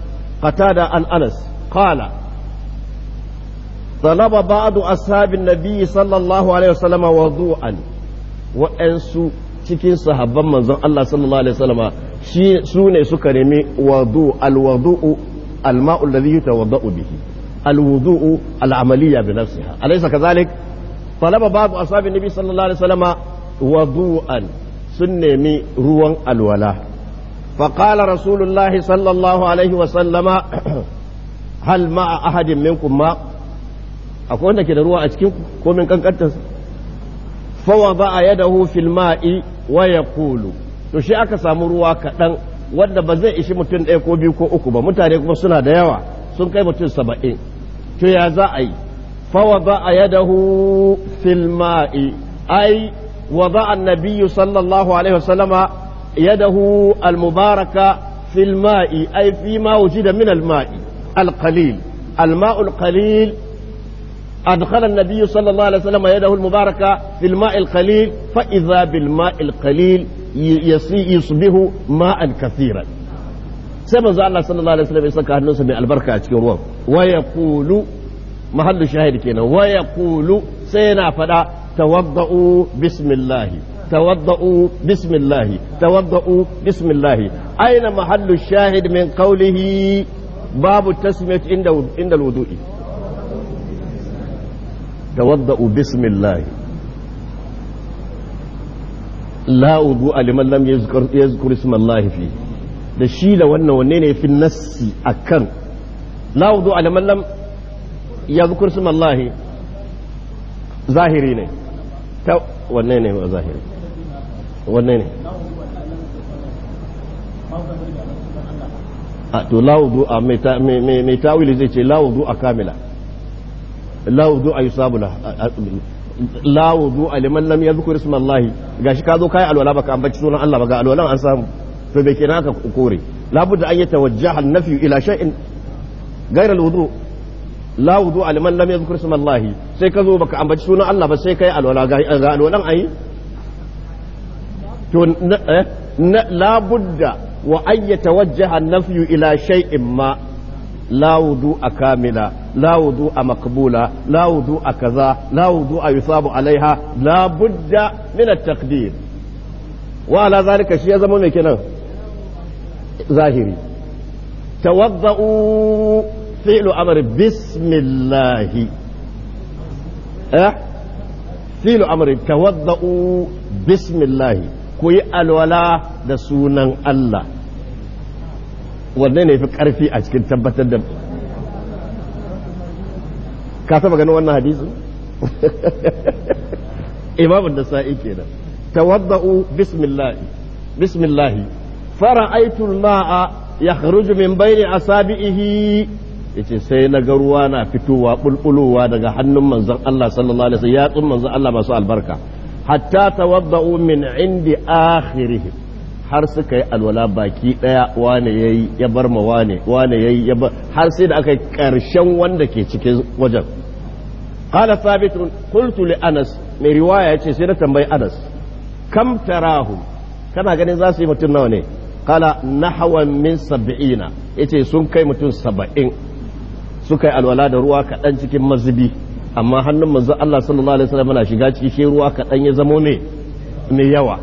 قتادة عن أنس قال طلب بعض أصحاب النبي صلى الله عليه وسلم وضوءا وأنسوا cikin sahabban manzon Allah sallallahu alaihi wasallama shi su ne suka nemi wadu alwadu alma'u alladhi yatawaddau bihi alwudu al'amaliya bi nafsiha alaysa kadhalik talaba babu ashabi nabi sallallahu alaihi wasallama wadu'an sun nemi ruwan alwala فقال رسول الله صلى الله عليه وسلم هل مع أحد منكم ماء أكون عندك دروا أتكيك كومن كان كنت فوضع يده في الماء ويقول تشي أكا سامروا كتن wadda ba zai ishi mutum ɗaya ko biyu ko uku ba mutane kuma suna da yawa sun kai mutum saba'in to ya za a yi fawa ba a yadahu fil ai wa ba annabiyu sallallahu alaihi wasallama يده المباركة في الماء أي فيما وجد من الماء القليل الماء القليل أدخل النبي صلى الله عليه وسلم يده المباركة في الماء القليل فإذا بالماء القليل يصبح ماء كثيرا sai manzo Allah sallallahu alaihi wasallam ya saka hannunsa mai albarka a cikin ruwan wa yaqulu mahallu shahid kenan wa sai yana faɗa tawadda'u bismillah توضؤوا بسم الله توضؤوا بسم الله أين محل الشاهد من قوله باب التسمية عند الوضوء توضؤوا بسم الله لا وضوء لمن لم يذكر يذكر اسم الله فيه da shi da wannan wanne ne fi nassi akan la wudu alaman lam yadhkur isma Allah zahiri ne ta wanne ne zahiri wannan ne a to lawudu a mai tawili zai ce lawudu a kamila lawudu a yusabu lawudu a liman lam yadhkur isma Allah gashi ka zo kai alwala baka ambaci sunan Allah ba ga alwalan an samu to bai kenan ka kore labudda an yatawajjaha an-nafi ila shay'in ghayr al-wudu lawudu a liman lam yadhkur isma Allah sai ka zo baka ambaci sunan Allah ba sai kai alwala ga alwalan ayi إيه؟ لا بد وأن يتوجه النفي إلى شيء ما لا وضوء كاملا لا وضوء مقبولا لا وضوء كذا لا وضوء يصاب عليها لا بد من التقدير وعلى ذلك شيء زمان كنا ظاهري توضؤوا فعل أمر بسم الله أه؟ فعل أمر توضؤوا بسم الله ku yi alwala da sunan Allah wanne ne fi ƙarfi a cikin tabbatar da ka taba ganin wannan hadisin imamun da sa'i kenan tawadda'u bismillahi bismillahi fara'aitu ma'a yakhruju min bayni asabi'ihi yace sai na ga ruwa na fitowa bulbulowa daga hannun manzon Allah sallallahu alaihi wasallam yatsun manzon Allah masu albarka hatta tawadda'u min indi akhirihim har suka yi alwala baki daya wane yayi ya bar ma wane wane yayi ya bar har sai da aka karshen wanda ke cikin wajen qala thabit qultu li anas mai riwaya yace sai na tambayi anas kam tarahum kana ganin za su yi mutum nawa ne qala nahwan min sab'ina yace sun kai mutum saba'in suka yi alwala da ruwa kaɗan cikin mazubi amma hannun manzo Allah sallallahu alaihi wasallam na shiga ciki shi ruwa kaɗan ya zamo ne mai yawa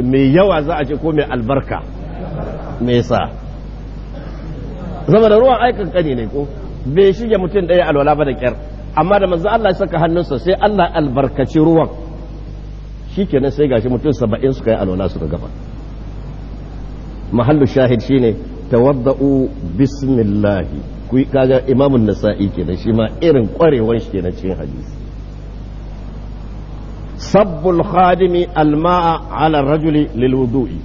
mai yawa za a ce ko mai albarka me sa zama da ruwa aikan kani ne ko bai shige mutum ɗaya alwala ba da kyar amma da manzo Allah ya saka hannunsa sai Allah albarkaci ruwan shikenan sai gashi mutum saba'in suka yi alwala suka gaba mahallu shahid shine tawadda'u bismillahi ku kaga imamun nasa'i kenan shi ma irin kwarewan shi kenan cikin hadisi sabbul khadimi alma'a ala rajuli lil wudu'i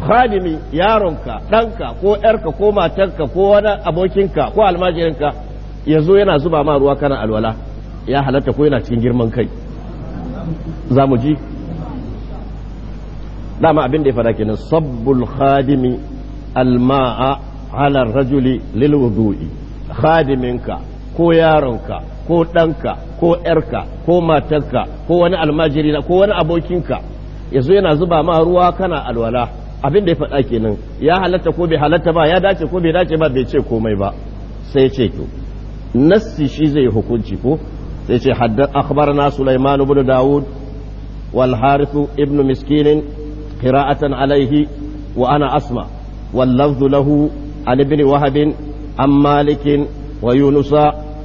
khadimi yaronka ɗanka ko yarka ko matarka ko wani abokinka ko almajirinka yazo yana zuba ma ruwa kana alwala ya halatta ko yana cikin girman kai za mu ji dama abin da ya fada kenan sabbul khadimi alma'a Halar rajuli lil wudu'i khadiminka ko yaronka ko ɗanka ko ‘yarka ko matarka ko wani almajiri ko wani abokinka yazo yana zuba ma ruwa kana alwala abin da ya faɗa kenan ya halatta ko bai halatta ba ya dace ko bai dace ba bai ce komai ba sai ce to nassi shi zai hukunci ko sai ce haddan akhbarana sulaiman ibn daud wal harith ibn miskin qira'atan alaihi wa ana asma wal lafzu lahu عن ابن وهب عن مالك ويونس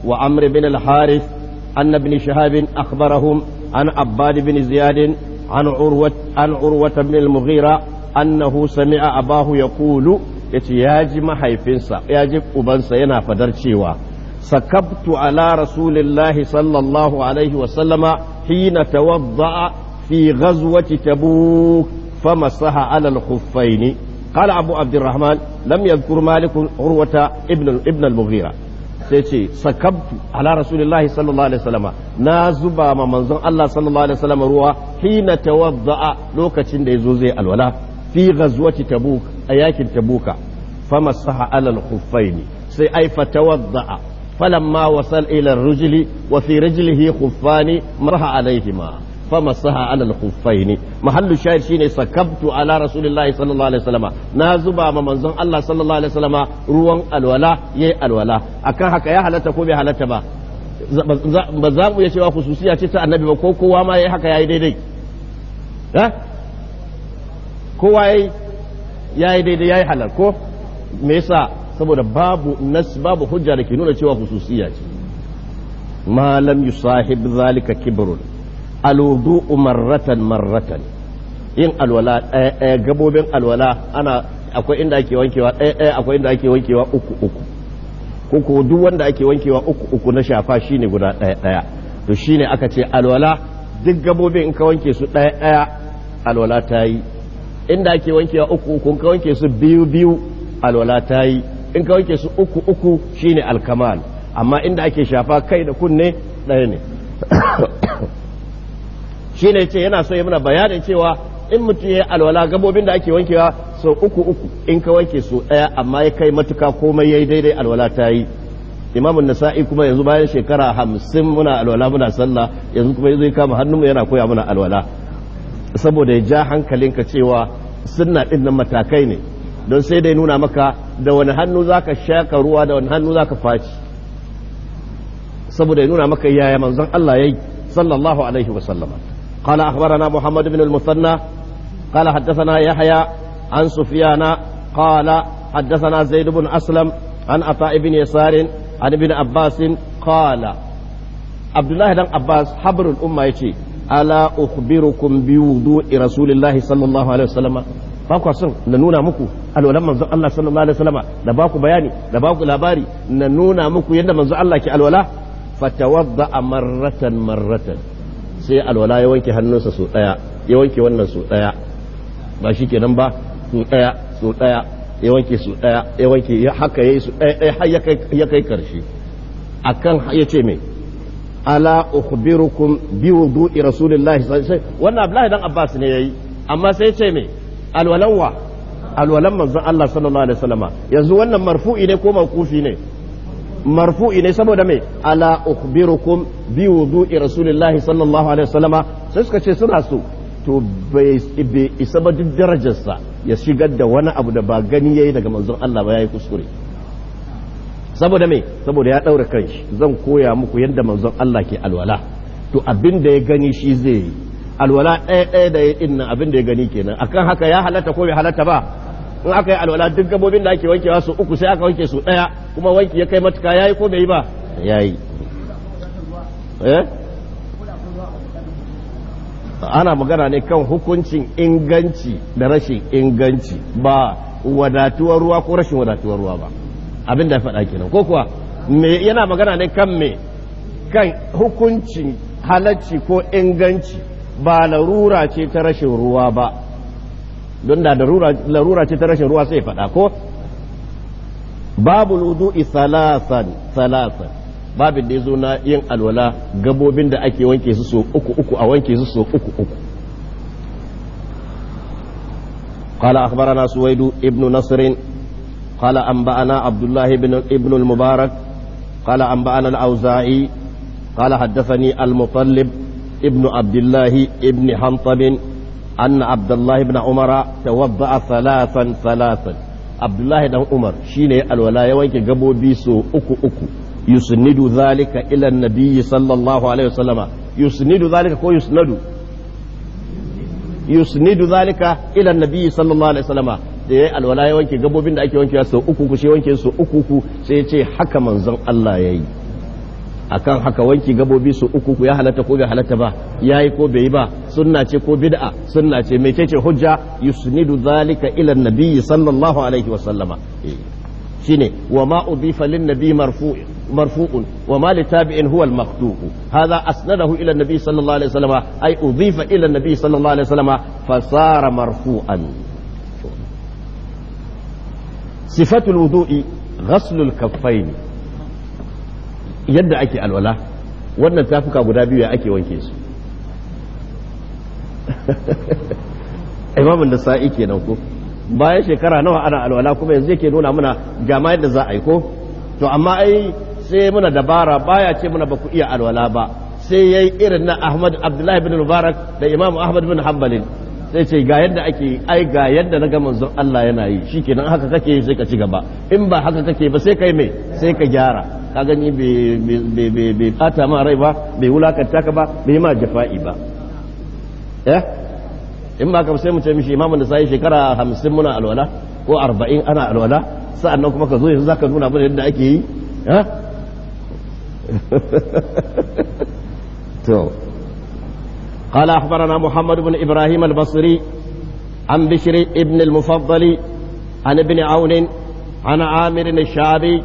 وعمر بن الحارث أن ابن شهاب أخبرهم عن عباد بن زياد عن عروة, عن عروة بن المغيرة أنه سمع أباه يقول يتياجي ما حيفنسا يجب أبنسا ينا فدرشيوا سكبت على رسول الله صلى الله عليه وسلم حين توضأ في غزوة تبوك فمسح على الخفين قال abu عبد الرحمن لم يذكر مالك عروة ابن ابن المغيرة sai sakabtu ala rasulillahi sallallahu alaihi na zuba ma manzon Allah sallallahu alaihi wasallam ruwa hina tawadda'a lokacin da yazo zai alwala fi ghazwati tabuk a yakin tabuka famasaha ala al-khuffaini sai ai fatawadda'a falamma wasal ila ar-rujli wa fi rijlihi khuffani marha alaihima famasaha alal khuffaini mahallu shahid shine sakabtu ala rasulillahi sallallahu alaihi wasallama na zuba ma manzon Allah sallallahu alaihi wasallama ruwan alwala yayi alwala akan haka ya halatta ko bai halatta ba ba za mu iya cewa khususiya ce ta annabi ba ko kowa ma yayi haka yayi daidai eh kowa yayi yayi daidai yayi halal ko me yasa saboda babu nas babu hujja da ke nuna cewa khususiya ce ma lam yusahib zalika kibrun alwudu marratan marratan yin alwala ɗaya eh, ɗaya eh, gabobin alwala ana akwai inda ake wankewa ɗaya eh, ɗaya akwai inda ake wankewa uku uku ko duk wanda ake wankewa uku uku na shafa shine guda ɗaya ɗaya to shine aka ce alwala duk gabobin in ka wanke su ɗaya ɗaya alwala ta yi inda ake wankewa uku uku in ka wanke su biyu biyu alwala ta yi in ka wanke su uku uku shine alkamal amma inda ake shafa kai da kunne ɗaya ne shi ne ce yana so ya muna bayanin cewa in mutum ya alwala gabobin da ake wankewa sau uku uku in ka wanke su ɗaya amma ya kai matuka komai ya yi daidai alwala ta yi imamun nasa'i kuma yanzu bayan shekara hamsin muna alwala muna sallah yanzu kuma yanzu ya kama hannunmu yana koya muna alwala saboda ya ja hankalinka cewa sunna ɗin nan matakai ne don sai dai nuna maka da wani hannu zaka shaka ruwa da wani hannu zaka faci saboda ya nuna maka yaya manzon Allah yayi sallallahu alaihi wa sallama قال أخبرنا محمد بن المثنى قال حدثنا يحيى عن سفيان قال حدثنا زيد بن أسلم عن عطاء بن يسار عن ابن عباس قال عبد الله بن عباس حبر الأمة يتي ألا أخبركم بوضوء رسول الله صلى الله عليه وسلم ba kwa son na nuna muku alwalan manzon Allah da ba bayani da ba labari na nuna muku yadda manzon Allah ke alwala a marratan marratan sai alwala ya wanke hannunsa su daya ya wanke wannan su daya ba shi kenan ba su daya su daya ya wanke su daya ya wanke haka yayi su daya daya har ya kai karshe akan ya ce me ala ukhbirukum bi wudu'i rasulillahi sallallahu alaihi wasallam wannan Abdullahi dan Abbas ne yayi amma sai ya ce me alwalan wa alwalan manzon Allah sallallahu alaihi wasallama yanzu wannan marfu'i ne ko mawqufi ne marfu'i ne saboda mai ala ukhbirukum bi wudu'i rasulillahi sallallahu alaihi wasallama sai suka ce suna so to bai isa ba duk darajarsa ya shigar da wani abu da ba gani yayi daga manzon Allah ba yayi kuskure saboda me saboda ya daura kanshi zan koya muku yadda manzon Allah ke alwala to abin da ya gani shi zai yi alwala ɗaya ɗaya da ya inna abin da ya gani kenan akan haka ya halatta ko bai halatta ba in aka yi alwala duk gabobin da ake wankewa su uku sai aka wanke su daya kuma wanki ya kai matuka yayi ko bai yi ba yayi eh ana magana ne kan hukuncin inganci da rashin inganci ba wadatuwar ruwa ko rashin wadatuwar ruwa ba abin da faɗa kenan ko kuwa me yana magana ne kan me kan hukuncin halacci ko inganci ba larura ce ta rashin ruwa ba don da larura ce ta rashin ruwa sai faɗa ko babu ludu salasan salasan babin da yazo na yin alwala gabobin da ake wanke su so uku uku a wanke su so uku uku قال أخبرنا سويد ابن نصر قال أنبأنا عبد الله بن ابن المبارك قال أنبأنا الأوزاعي قال حدثني المطلب ابن عبد الله ابن حنطب أن عبد الله بن عمر توضأ ثلاثا ثلاثا عبد الله بن عمر شيني الولاية وينك قبو بيسو أكو أكو يسند ذلك إلى النبي صلى الله عليه وسلم يسند ذلك كو يسند يسند ذلك إلى النبي صلى الله عليه وسلم da ya alwala ya wanke gabobin da ake wankewa sau uku ku shi wanke sau uku ku sai ya ce haka manzon Allah ya yi akan haka wanki gabobi su uku ku ya halatta ko bai halatta ba yayi ko bai yi ba sunna ce ko bid'a sunna ce mai ce hujja yusnidu zalika ila nabiyyi sallallahu alaihi wa sallama eh, shine wa ma udifa lin nabi marfu'un wa ma litabi'in huwa al hadha asnadahu ila nabi sallallahu alaihi wa sallama ay udifa ila nabi sallallahu alaihi wa sallama marfu'an sifatul wudu'i ghaslul kaffaini yadda ake alwala wannan tafuka guda biyu ya ake wanke su imamun da sa'i kenan ko bayan shekara nawa ana alwala kuma yanzu yake nuna muna gama yadda za a yi ko to amma ai sai muna dabara baya ce muna ba ku iya alwala ba sai yayi irin na Ahmad Abdullahi bin Mubarak da Imam Ahmad bin Hanbalin sai ce ga yadda ake ai ga yadda na ga manzon Allah yana yi shi nan haka kake sai ka ci gaba in ba haka kake ba sai kai mai sai ka gyara ka gani bai bata ma rai ba bai wulakanta ka ba bai ma jafa'i ba eh in ba ka sai mu ce mishi imamu da sai shekara hamsin muna alwala ko arba'in ana alwala sa'an nan kuma ka zo yanzu zaka nuna mana yadda ake yi eh? قال أخبرنا محمد بن إبراهيم البصري عن بشر ابن المفضل عن ابن عون عن عامر الشعبي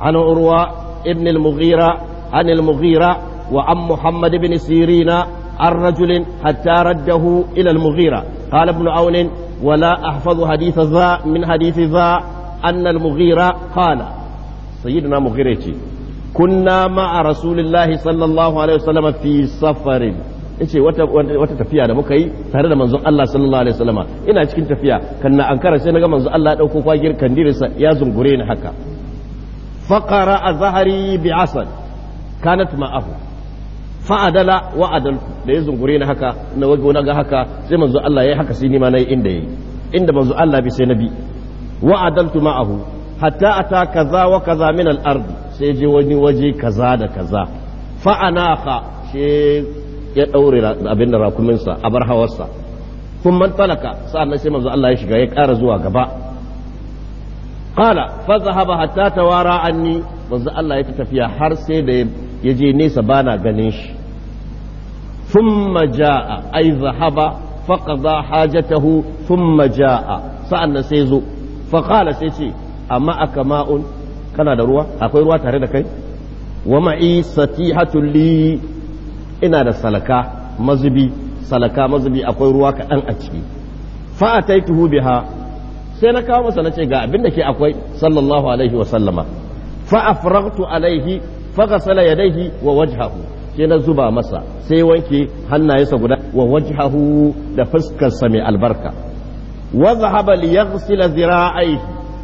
عن عروة ابن المغيرة عن المغيرة وعن محمد بن سيرين عن رجل حتى رده إلى المغيرة قال ابن عون ولا أحفظ حديث ذا من حديث ذا أن المغيرة قال سيدنا مغيرتي كنا مع رسول الله صلى الله عليه وسلم في سفر yace wata wata tafiya da muka yi tare da manzon Allah sallallahu alaihi wasallama ina cikin tafiya kan na ankara sai naga manzon Allah ya dauko kwagir kandirinsa ya zungure ni haka faqara azhari bi asad kanat ma'ahu fa'adala wa adaltu da ya zungure ni haka na wago wani ga haka sai manzo Allah yayi haka sai ni ma nayi inda yayi inda manzo Allah bi sai nabi wa adaltu ma'ahu hatta ata kaza wa kaza min al-ard sai je wani waje kaza da kaza fa anaqa she ya ɗaure abin da rakuminsa a bar hawarsa kun man talaka sa'an sai manzo Allah ya shiga ya ƙara zuwa gaba qala fa zahaba hatta tawara anni manzo Allah ya tafiya har sai da ya je nesa bana ganin shi thumma jaa ay zahaba faqada hajatahu thumma jaa sa'an sai zo fa qala sai ce amma aka kana da ruwa akwai ruwa tare da kai wa ma'i satihatul li ina da salaka mazubi salaka mazubi akwai ruwa kaɗan a ciki fa'ataituhu biha sai na kawo masa nace ga abin da ke akwai sallallahu alaihi wa sallama fa afraghtu alaihi fa ghasala yadayhi wa wajhahu sai na zuba masa sai wanke hannayensa guda wa wajhahu da fuskarsa mai albarka wa zahaba li yaghsila zira'aihi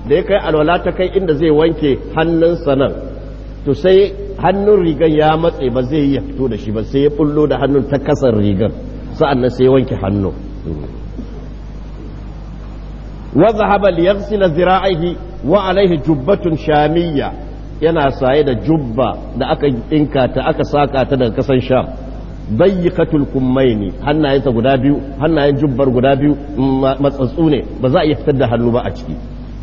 da ya kai alwala ta kai inda zai wanke hannunsa nan to sai hannun rigar ya matse ba zai iya fito da shi ba sai ya bullo da hannun ta kasar rigar sa'an nan sai wanke hannu wa zahaba liyaghsila zira'ihi wa alaihi jubbatun shamiyya yana saye da jubba da aka dinka ta aka saka ta daga kasan sham bayyikatul kummaini hannayensa guda biyu hannayen jubbar guda biyu matsatsu ne ba za a iya fitar da hannu ba a ciki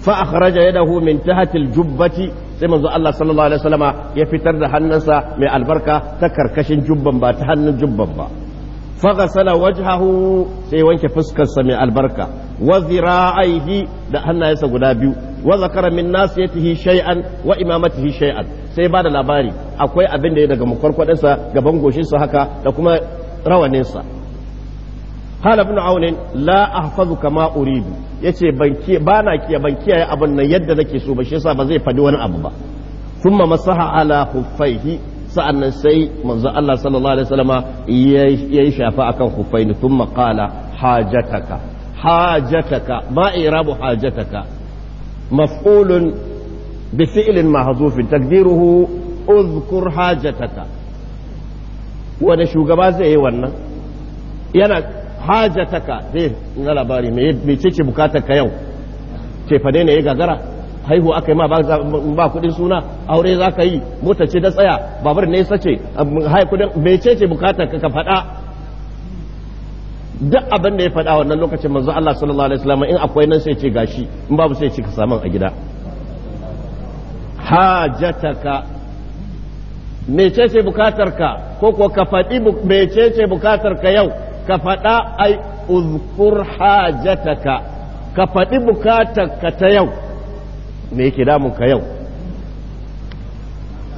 fa akhraja yadahu min tahtil jubbati sai manzo Allah sallallahu alaihi wasallama ya fitar da hannunsa mai albarka ta karkashin jubban ba ta hannun jubban ba faghasala wajhahu sai wanke fuskarsa mai albarka wa zira'aihi da hannayensa guda biyu wa zakara min nasiyatihi shay'an wa imamatihi shay'an sai ba da labari akwai abin da ya daga makwarkwadansa gaban goshinsa haka da kuma rawaninsa قال ابن عون لا احفظ كما اريد yace ban kiya bana kiya ban kiyaye abin nan yadda nake so ba shi yasa ba zai fadi wani abu ba thumma masaha ala khuffaihi sa'annan sai manzo Allah sallallahu alaihi wasallama yayi shafa akan khuffaini thumma kala hajataka hajataka ma irabu hajataka maf'ulun bi fi'lin mahdhufin takdiruhu udhkur hajataka wanda shugaba zai yi wannan yana hajataka zai na labari me ce ce bukatar ka yau ce fa daina ya gagara haihu aka yi ma ba kudin suna aure za ka yi mota ce da tsaya babar ne sace hai kudin me ce ce bukatar ka faɗa duk abin da ya faɗa wannan lokacin manzo Allah sallallahu alaihi wasallam in akwai nan sai ce gashi in babu sai ce ka samu a gida hajataka bukatar bukatarka ko ko ka faɗi bukatar bukatarka yau ka faɗa ai uzkur hajataka ka faɗi bukatarka ta yau me yake ka yau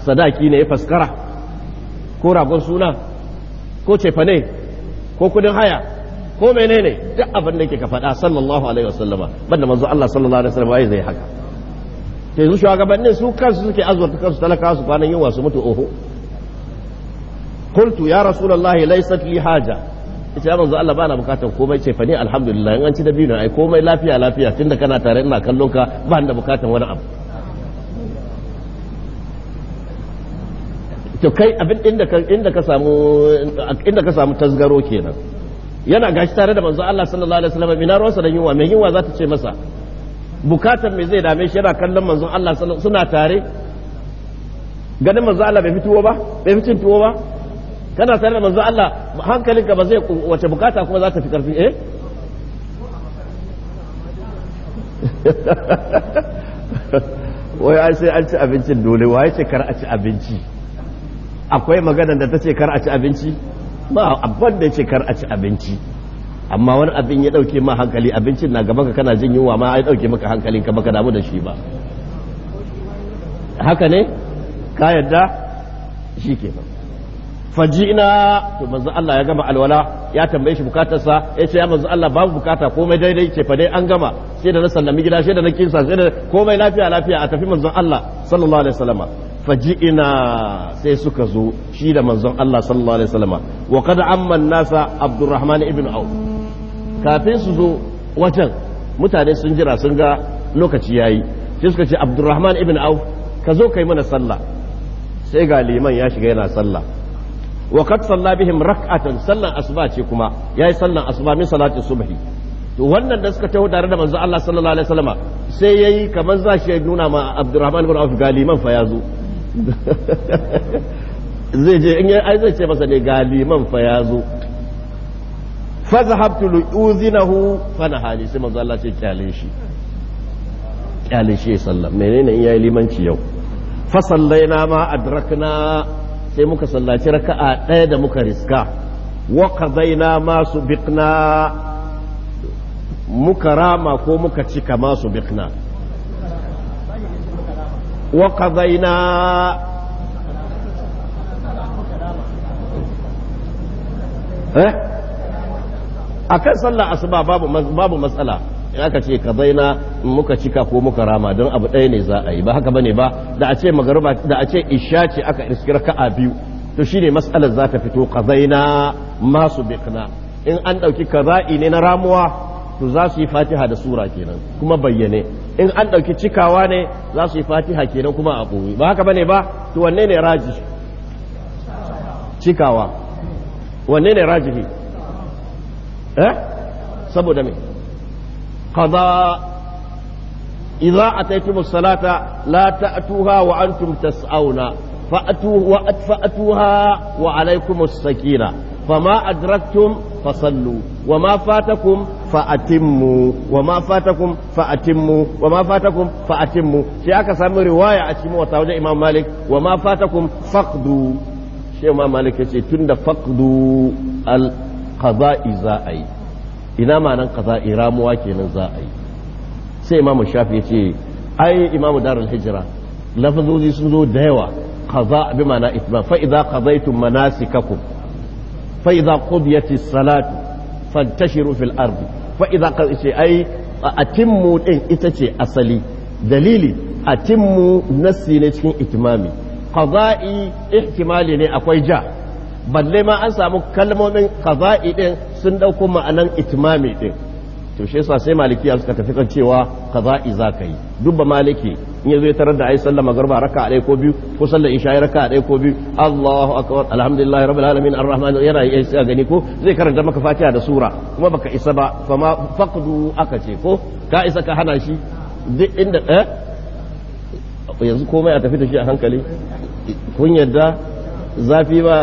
sadaki ne ya faskara ko ragon suna ko cefa ne ko kudin haya ko menene duk abin da ke ka faɗa sallallahu alaihi wasallama banda manzo Allah sallallahu alaihi wasallama ai zai haka to yanzu shugabannin su kansu suke azurta kansu talakawa su kwanan yin wasu mutu oho qultu ya rasulullahi laysat li haja yace ya manzo Allah ba na bukatar komai ce fani alhamdulillah in an ci da biyu ai komai lafiya lafiya tunda kana tare ina kallon ka ba na da bukatar wani abu to kai abin inda ka inda ka samu inda ka samu tasgaro kenan yana gashi tare da manzo Allah sallallahu alaihi wasallam ina ruwansa da yunwa mai yunwa za ta ce masa bukatar me zai dame shi yana kallon manzo Allah sallallahu suna tare ganin manzo Allah bai fito ba bai fitin tuwo ba kana tare da manzo Allah hankalinka ba zai wace bukata kuma za ta fi karfi eh wai ai sai an ci abincin dole wai ce kar a ci abinci akwai magana da ta ce kar a ci abinci ba abban da ya ce kar a ci abinci amma wani abin ya dauke ma hankali abincin na gaba ka kana jin yunwa ma ya dauke maka hankalin ka baka damu da shi ba haka ne ka yadda shi kenan fajina to manzo Allah ya gama alwala ya tambaye shi bukatarsa ya ce ya manzo Allah babu bukata komai daidai ce fa dai an gama sai da na sallami gida sai da na kinsa sai da komai lafiya lafiya a tafi manzo Allah sallallahu alaihi wasallama faji'ina sai suka zo shi da manzon Allah sallallahu alaihi wasallama wa qad amman nasa Abdurrahman ibn Auf kafin su zo wajen mutane sun jira sun ga lokaci yayi sai suka ce Abdurrahman ibn Auf ka zo kai mana sallah sai ga liman ya shiga yana sallah wa qad salla bihim rak'atan sallan asuba ce kuma yayi sallan asuba min salati subhi to wannan da suka taho tare da manzo Allah sallallahu alaihi wasallama sai yayi kamar za shi nuna ma Abdurrahman ibn Auf galiman fa yazo zai je in ai zai ce masa ne galiman fa yazo fa zahabtu li uzinahu fa nahali sai manzo Allah ce kyale shi kyale shi sallam menene in yayi limanci yau fa sallaina ma adrakna sai muka sallaci raka'a ɗaya da muka riska wa Zaina ma subiqna muka rama ko muka cika ma subiqna wa qadaina eh akan sallar asuba babu babu matsala in aka ce ka zaina muka cika ko muka rama don abu ɗaya ne za a yi ba haka bane ba da a ce magariba da a ce isha ce aka ka a biyu to shine mas'alar za ta fito ka zaina masu bikna in an ɗauki kaza'i ne na ramuwa to za su yi fatiha da sura kenan kuma bayyane in an ɗauki cikawa ne za su yi fatiha kenan kuma a ɓoye ba haka bane ba to wanne ne raji cikawa wanne ne rajihi eh saboda me qada idza ataytum as-salata la ta'tuha wa antum tas'auna fa'atu wa atfa'tuha wa alaykum as-sakina فما أدركتم فصلوا وما فاتكم فأتموا وما فاتكم فأتموا وما فاتكم فأتموا شيء أكا سامي رواية أتموا وتوجه إمام مالك وما فاتكم فقدوا شيء إمام مالك يقول تند فقدوا القضاء زائي ina ma nan kaza'i kenan za a yi sai imamu shafi ya ce ai imamu darul hijira lafazozi sun zo da yawa kaza bi ma'ana itma fa idza qadaytum manasikakum fa idza qudiyatis salatu fantashiru fil ardi fa idza ce ai atimmu din ita ce asali dalili atimmu na ne cikin itimami qada'i ihtimali ne akwai ja balle ma an samu kalmomin qaza'i din sun dauko ma'anan itimami din to shi yasa sai malikiya suka tafi kan cewa qaza'i zaka yi duk ba maliki in yazo ya tarar da ai sallar magarba raka ɗaya ko biyu ko sallar isha ya raka ɗaya ko biyu Allahu akbar alhamdulillahi rabbil alamin arrahman yana yi sai gani ko zai karanta maka fatiha da sura kuma baka isa ba fama faqdu aka ce ko ka isa ka hana shi duk inda eh yanzu komai a tafi da shi a hankali kun yadda zafi ba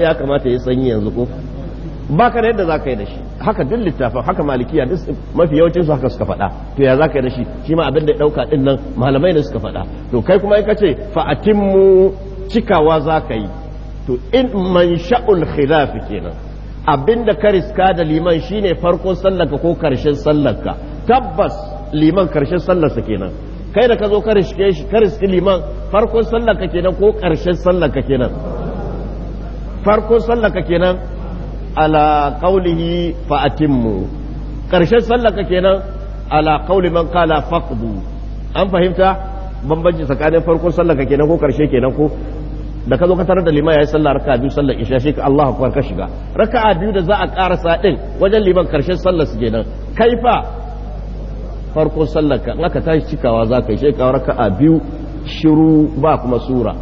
ya kamata ya sanyi yanzu ko ba ka da yadda za ka yi da shi haka duk littafin haka malikiya duk mafi yawancin su haka suka faɗa to ya za ka yi da shi shi ma abin da ya ɗauka ɗin nan malamai ne suka faɗa to kai kuma in ka ce fa'atinmu cikawa za ka yi to in man sha'ul khilafi kenan abinda ka riska da liman shine farkon sallarka ko karshen sallarka tabbas liman karshen sallarsa kenan kai da ka zo ka riske shi liman farkon sallar ka kenan ko karshen sallar ka kenan farkon sallar ka kenan ala qaulihi fa atimmu karshen sallar ka kenan ala qauli man qala faqdu an fahimta bambanci tsakanin farkon sallar ka kenan ko karshe kenan ko da ka zo ka tarar da ya yi sallah raka'a biyu sallar isha shi ka Allahu akbar ka shiga a biyu da za a karasa din wajen liman karshen sallar su kenan kai fa Farkon sallar ka aka tashi cikawa za ka yi raka a biyu shiru ba kuma sura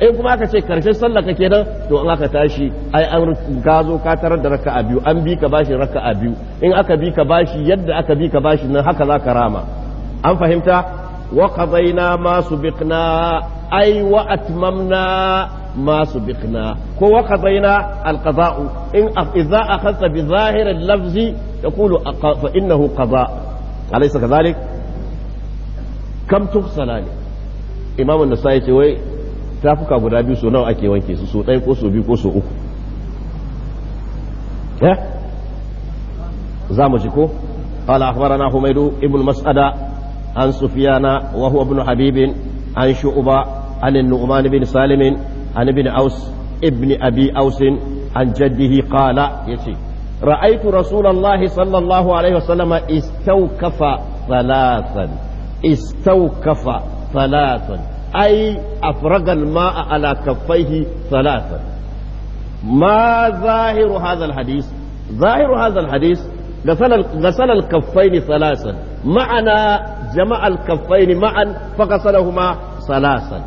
in kuma aka ce karshen sallar ka kenan to in aka tashi ai an gazo ka tarar da raka a biyu an bi ka bashi raka a biyu in aka bi ka bashi yadda aka bi ka bashi nan haka za ka rama an fahimta wa qadaina ma subiqna ai wa atmamna ma subiqna ko wa qadaina alqada'u in idza akhadta bi zahir al-lafzi taqulu fa innahu qada' alaysa kadhalik kam tufsala ne imam na nasai ce wai tafuka guda biyu so nawa ake wanke su so ɗaya ko so biyu ko so uku za ji ko قال أخبرنا حميد ابن مسعدة عن سفيان وهو ابن حبيب عن شعبة عن النعمان بن سالم عن ابن أوس ابن أبي أوس عن جده قال رأيت رسول الله صلى الله عليه وسلم استوكف ثلاثا استوكف ثلاثا أي أفرغ الماء على كفيه ثلاثا ما ظاهر هذا الحديث ظاهر هذا الحديث غسل غسل الكفين ثلاثا معنا جمع الكفين معا فغسلهما ثلاثا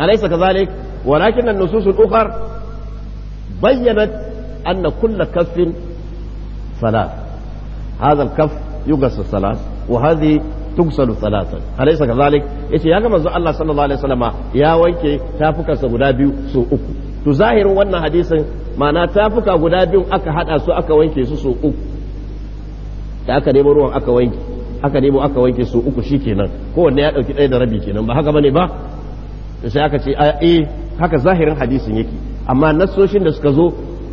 أليس كذلك ولكن النصوص الأخرى بينت أن كل كف صلاة هذا الكف يقص الصلاة وهذه تغسل ثلاثا أليس كذلك؟ إيش يا جماعة الله صلى الله عليه وسلم يا ويكي تافك سبدا بيو سو أكو تظاهر وانا حديثا ما نتافك غدا بيو أكا حد أسو أكا ويكي سو سو أكو da aka nemo ruwan aka wanke aka nemo aka wanke su uku shikenan kowanne ya dauki ɗaya da rabi kenan ba haka bane ba sai aka ce eh haka zahirin hadisin yake amma nassoshin da suka zo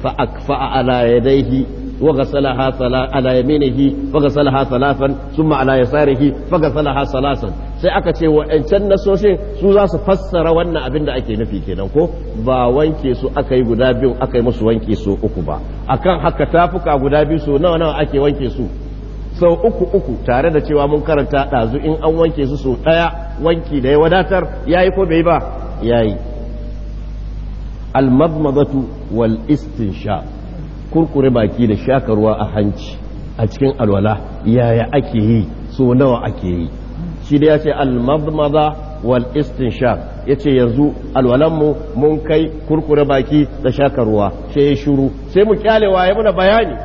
فأكفأ على يديه وغسلها على يمينه وغسلها ثلاثا ثم على يساره فغسلها ثلاثا sai aka ce wa'ancan nasoshin su za su fassara wannan abin da ake nufi kenan ko ba wanke su aka yi guda biyu aka yi musu wanke su uku ba akan haka tafuka guda biyu su nawa nawa ake wanke su sau uku uku tare da cewa mun karanta ɗazu in an wanke su sau ɗaya wanki da ya wadatar ya yi ko bai ba ya yi. almadmadatu wal istinsha kurkure baki da shakarwa a hanci a cikin alwala yaya ake yi so nawa ake yi shi da ya ce almadmada wal istinsha yace ce yanzu alwalanmu mun kai kurkure baki da shakarwa sai ya shuru sai mu kyalewa ya muna bayani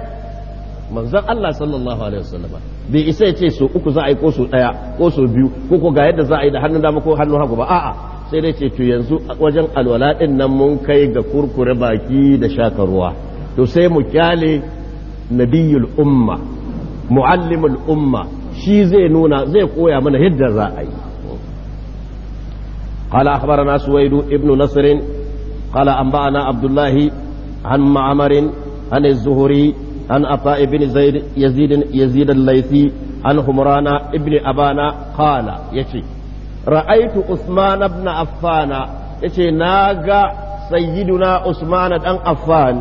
manzon Allah sallallahu alaihi wasallam bai isa ya ce so uku za a yi ko so daya ko so biyu ko ko ga yadda za a yi da hannun dama ko hannun hagu ba a'a sai dai ce to yanzu wajen alwala din nan mun kai ga kurkure baki da shaka ruwa to sai mu kyale nabiyul umma muallimul umma shi zai nuna zai koya mana yadda za a yi قال أخبرنا سويد ابن نصر قال أنبأنا عبد الله عن معمر عن الزهري عن عطاء بن زيد يزيد يزيد الليثي عن همران ابن أبانا قال يشي ra'aitu Usman ibn Affana yace na ga sayyiduna Usman dan Affan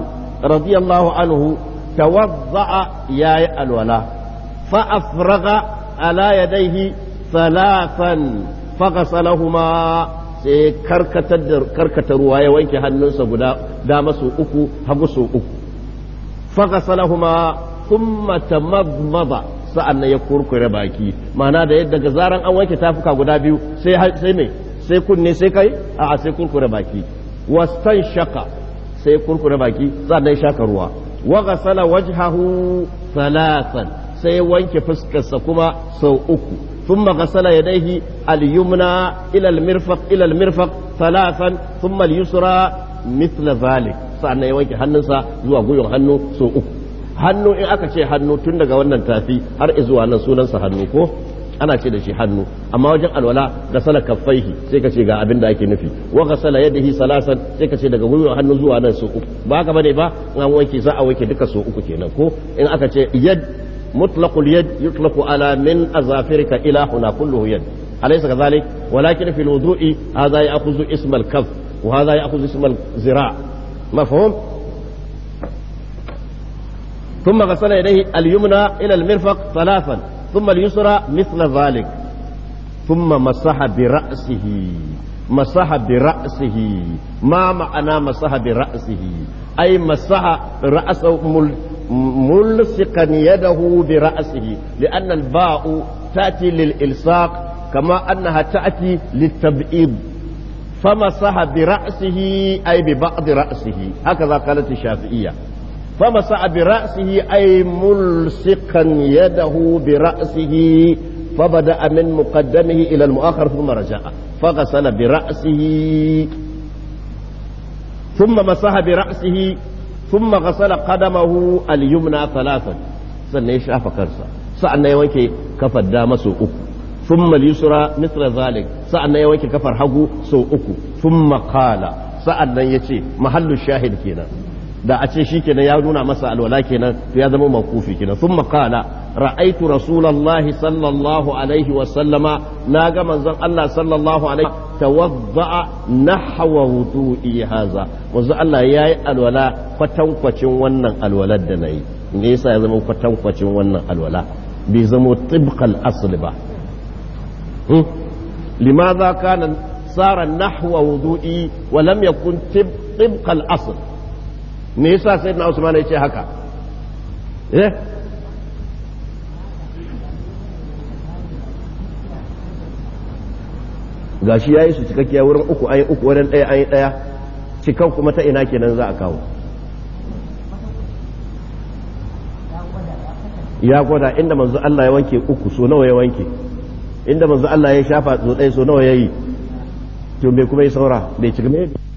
radiyallahu anhu tawadda'a yayi alwala fa afraga ala yadayhi thalathan faghasalahuma sai karkata ruwa ya wanke hannunsa guda dama su uku hagu su uku faghasalahuma thumma tamadmada sa'an nan ya kurkure baki ma'ana da yadda zaran an wanke tafuka guda biyu sai sai me sai kunne sai kai a sai kurkure baki wasan shaka sai kurkure baki sa'an nan shaka ruwa wa ghasala wajhahu salasan sai wanke fuskarsa kuma sau uku ثم غسل يديه اليمنى إلى المرفق إلى المرفق ثلاثا ثم اليسرى مثل ذلك سأنا يوانك حنسا زوا غيون حنو سوء hannu in aka ce hannu tun daga wannan tafi har zuwa nan sunansa hannu ko ana ce da shi hannu amma wajen alwala gasala kaffaihi sai ka ce ga abin da ake nufi wa gasala yadihi salasan sai ka ce daga gwiwar hannu zuwa nan su uku ba ka bane ba in an wanke za a wanke duka su uku kenan ko in aka ce yad mutlaqul yad yutlaqu ala min azafirika ila huna kulluhu yad alaysa kadhalik walakin fil wudu'i hadha ya'khudhu isma al-kaff wa hadha ya'khudhu isma al-zira' mafhum ثم غسل يديه اليمنى إلى المرفق ثلاثا ثم اليسرى مثل ذلك ثم مسح برأسه مسح برأسه ما معنى مسح برأسه أي مسح رأسه ملصقا يده برأسه لأن الباء تأتي للإلصاق كما أنها تأتي للتبئيض فمسح برأسه أي ببعض رأسه هكذا قالت الشافعية فمسع برأسه أي ملصقا يده برأسه فبدأ من مقدمه إلى المؤخر ثم رجع فغسل برأسه ثم مسح برأسه ثم غسل قدمه اليمنى ثلاثا sannan shafa kansa sa'an ya wanke kafar dama sau uku thumma al-yusra mithla zalik sa'an ya wanke kafar hagu sau uku thumma qala sa'an ya shahid kenan da a ce kenan ya nuna masa alwala kenan to ya zama makufi kenan Sun qala Ra'aitu rasulullahi sallallahu alaihi wa sallama na ga manzon Allah sallallahu alaihi tawadda'a nahwa wudu'i haza manzon Allah yayi alwala kwatankwacin wannan alwalar da nayi me yasa ya zama kwatankwacin wannan alwala bai zama tibqal asli ba hmm? limadha kana sara nahwa wudu'i wa lam yakun tibqal asli me yasa na usman ya ce haka eh gashi yayi su cikakkiya wurin uku ayi uku wurin ɗaya ayi ɗaya cikan kuma ta ina kenan za a kawo ya gwada inda manzo Allah ya wanke uku so nawa ya wanke inda manzo Allah ya shafa so ɗaya so nawa ya yi to me kuma ya saura bai cika me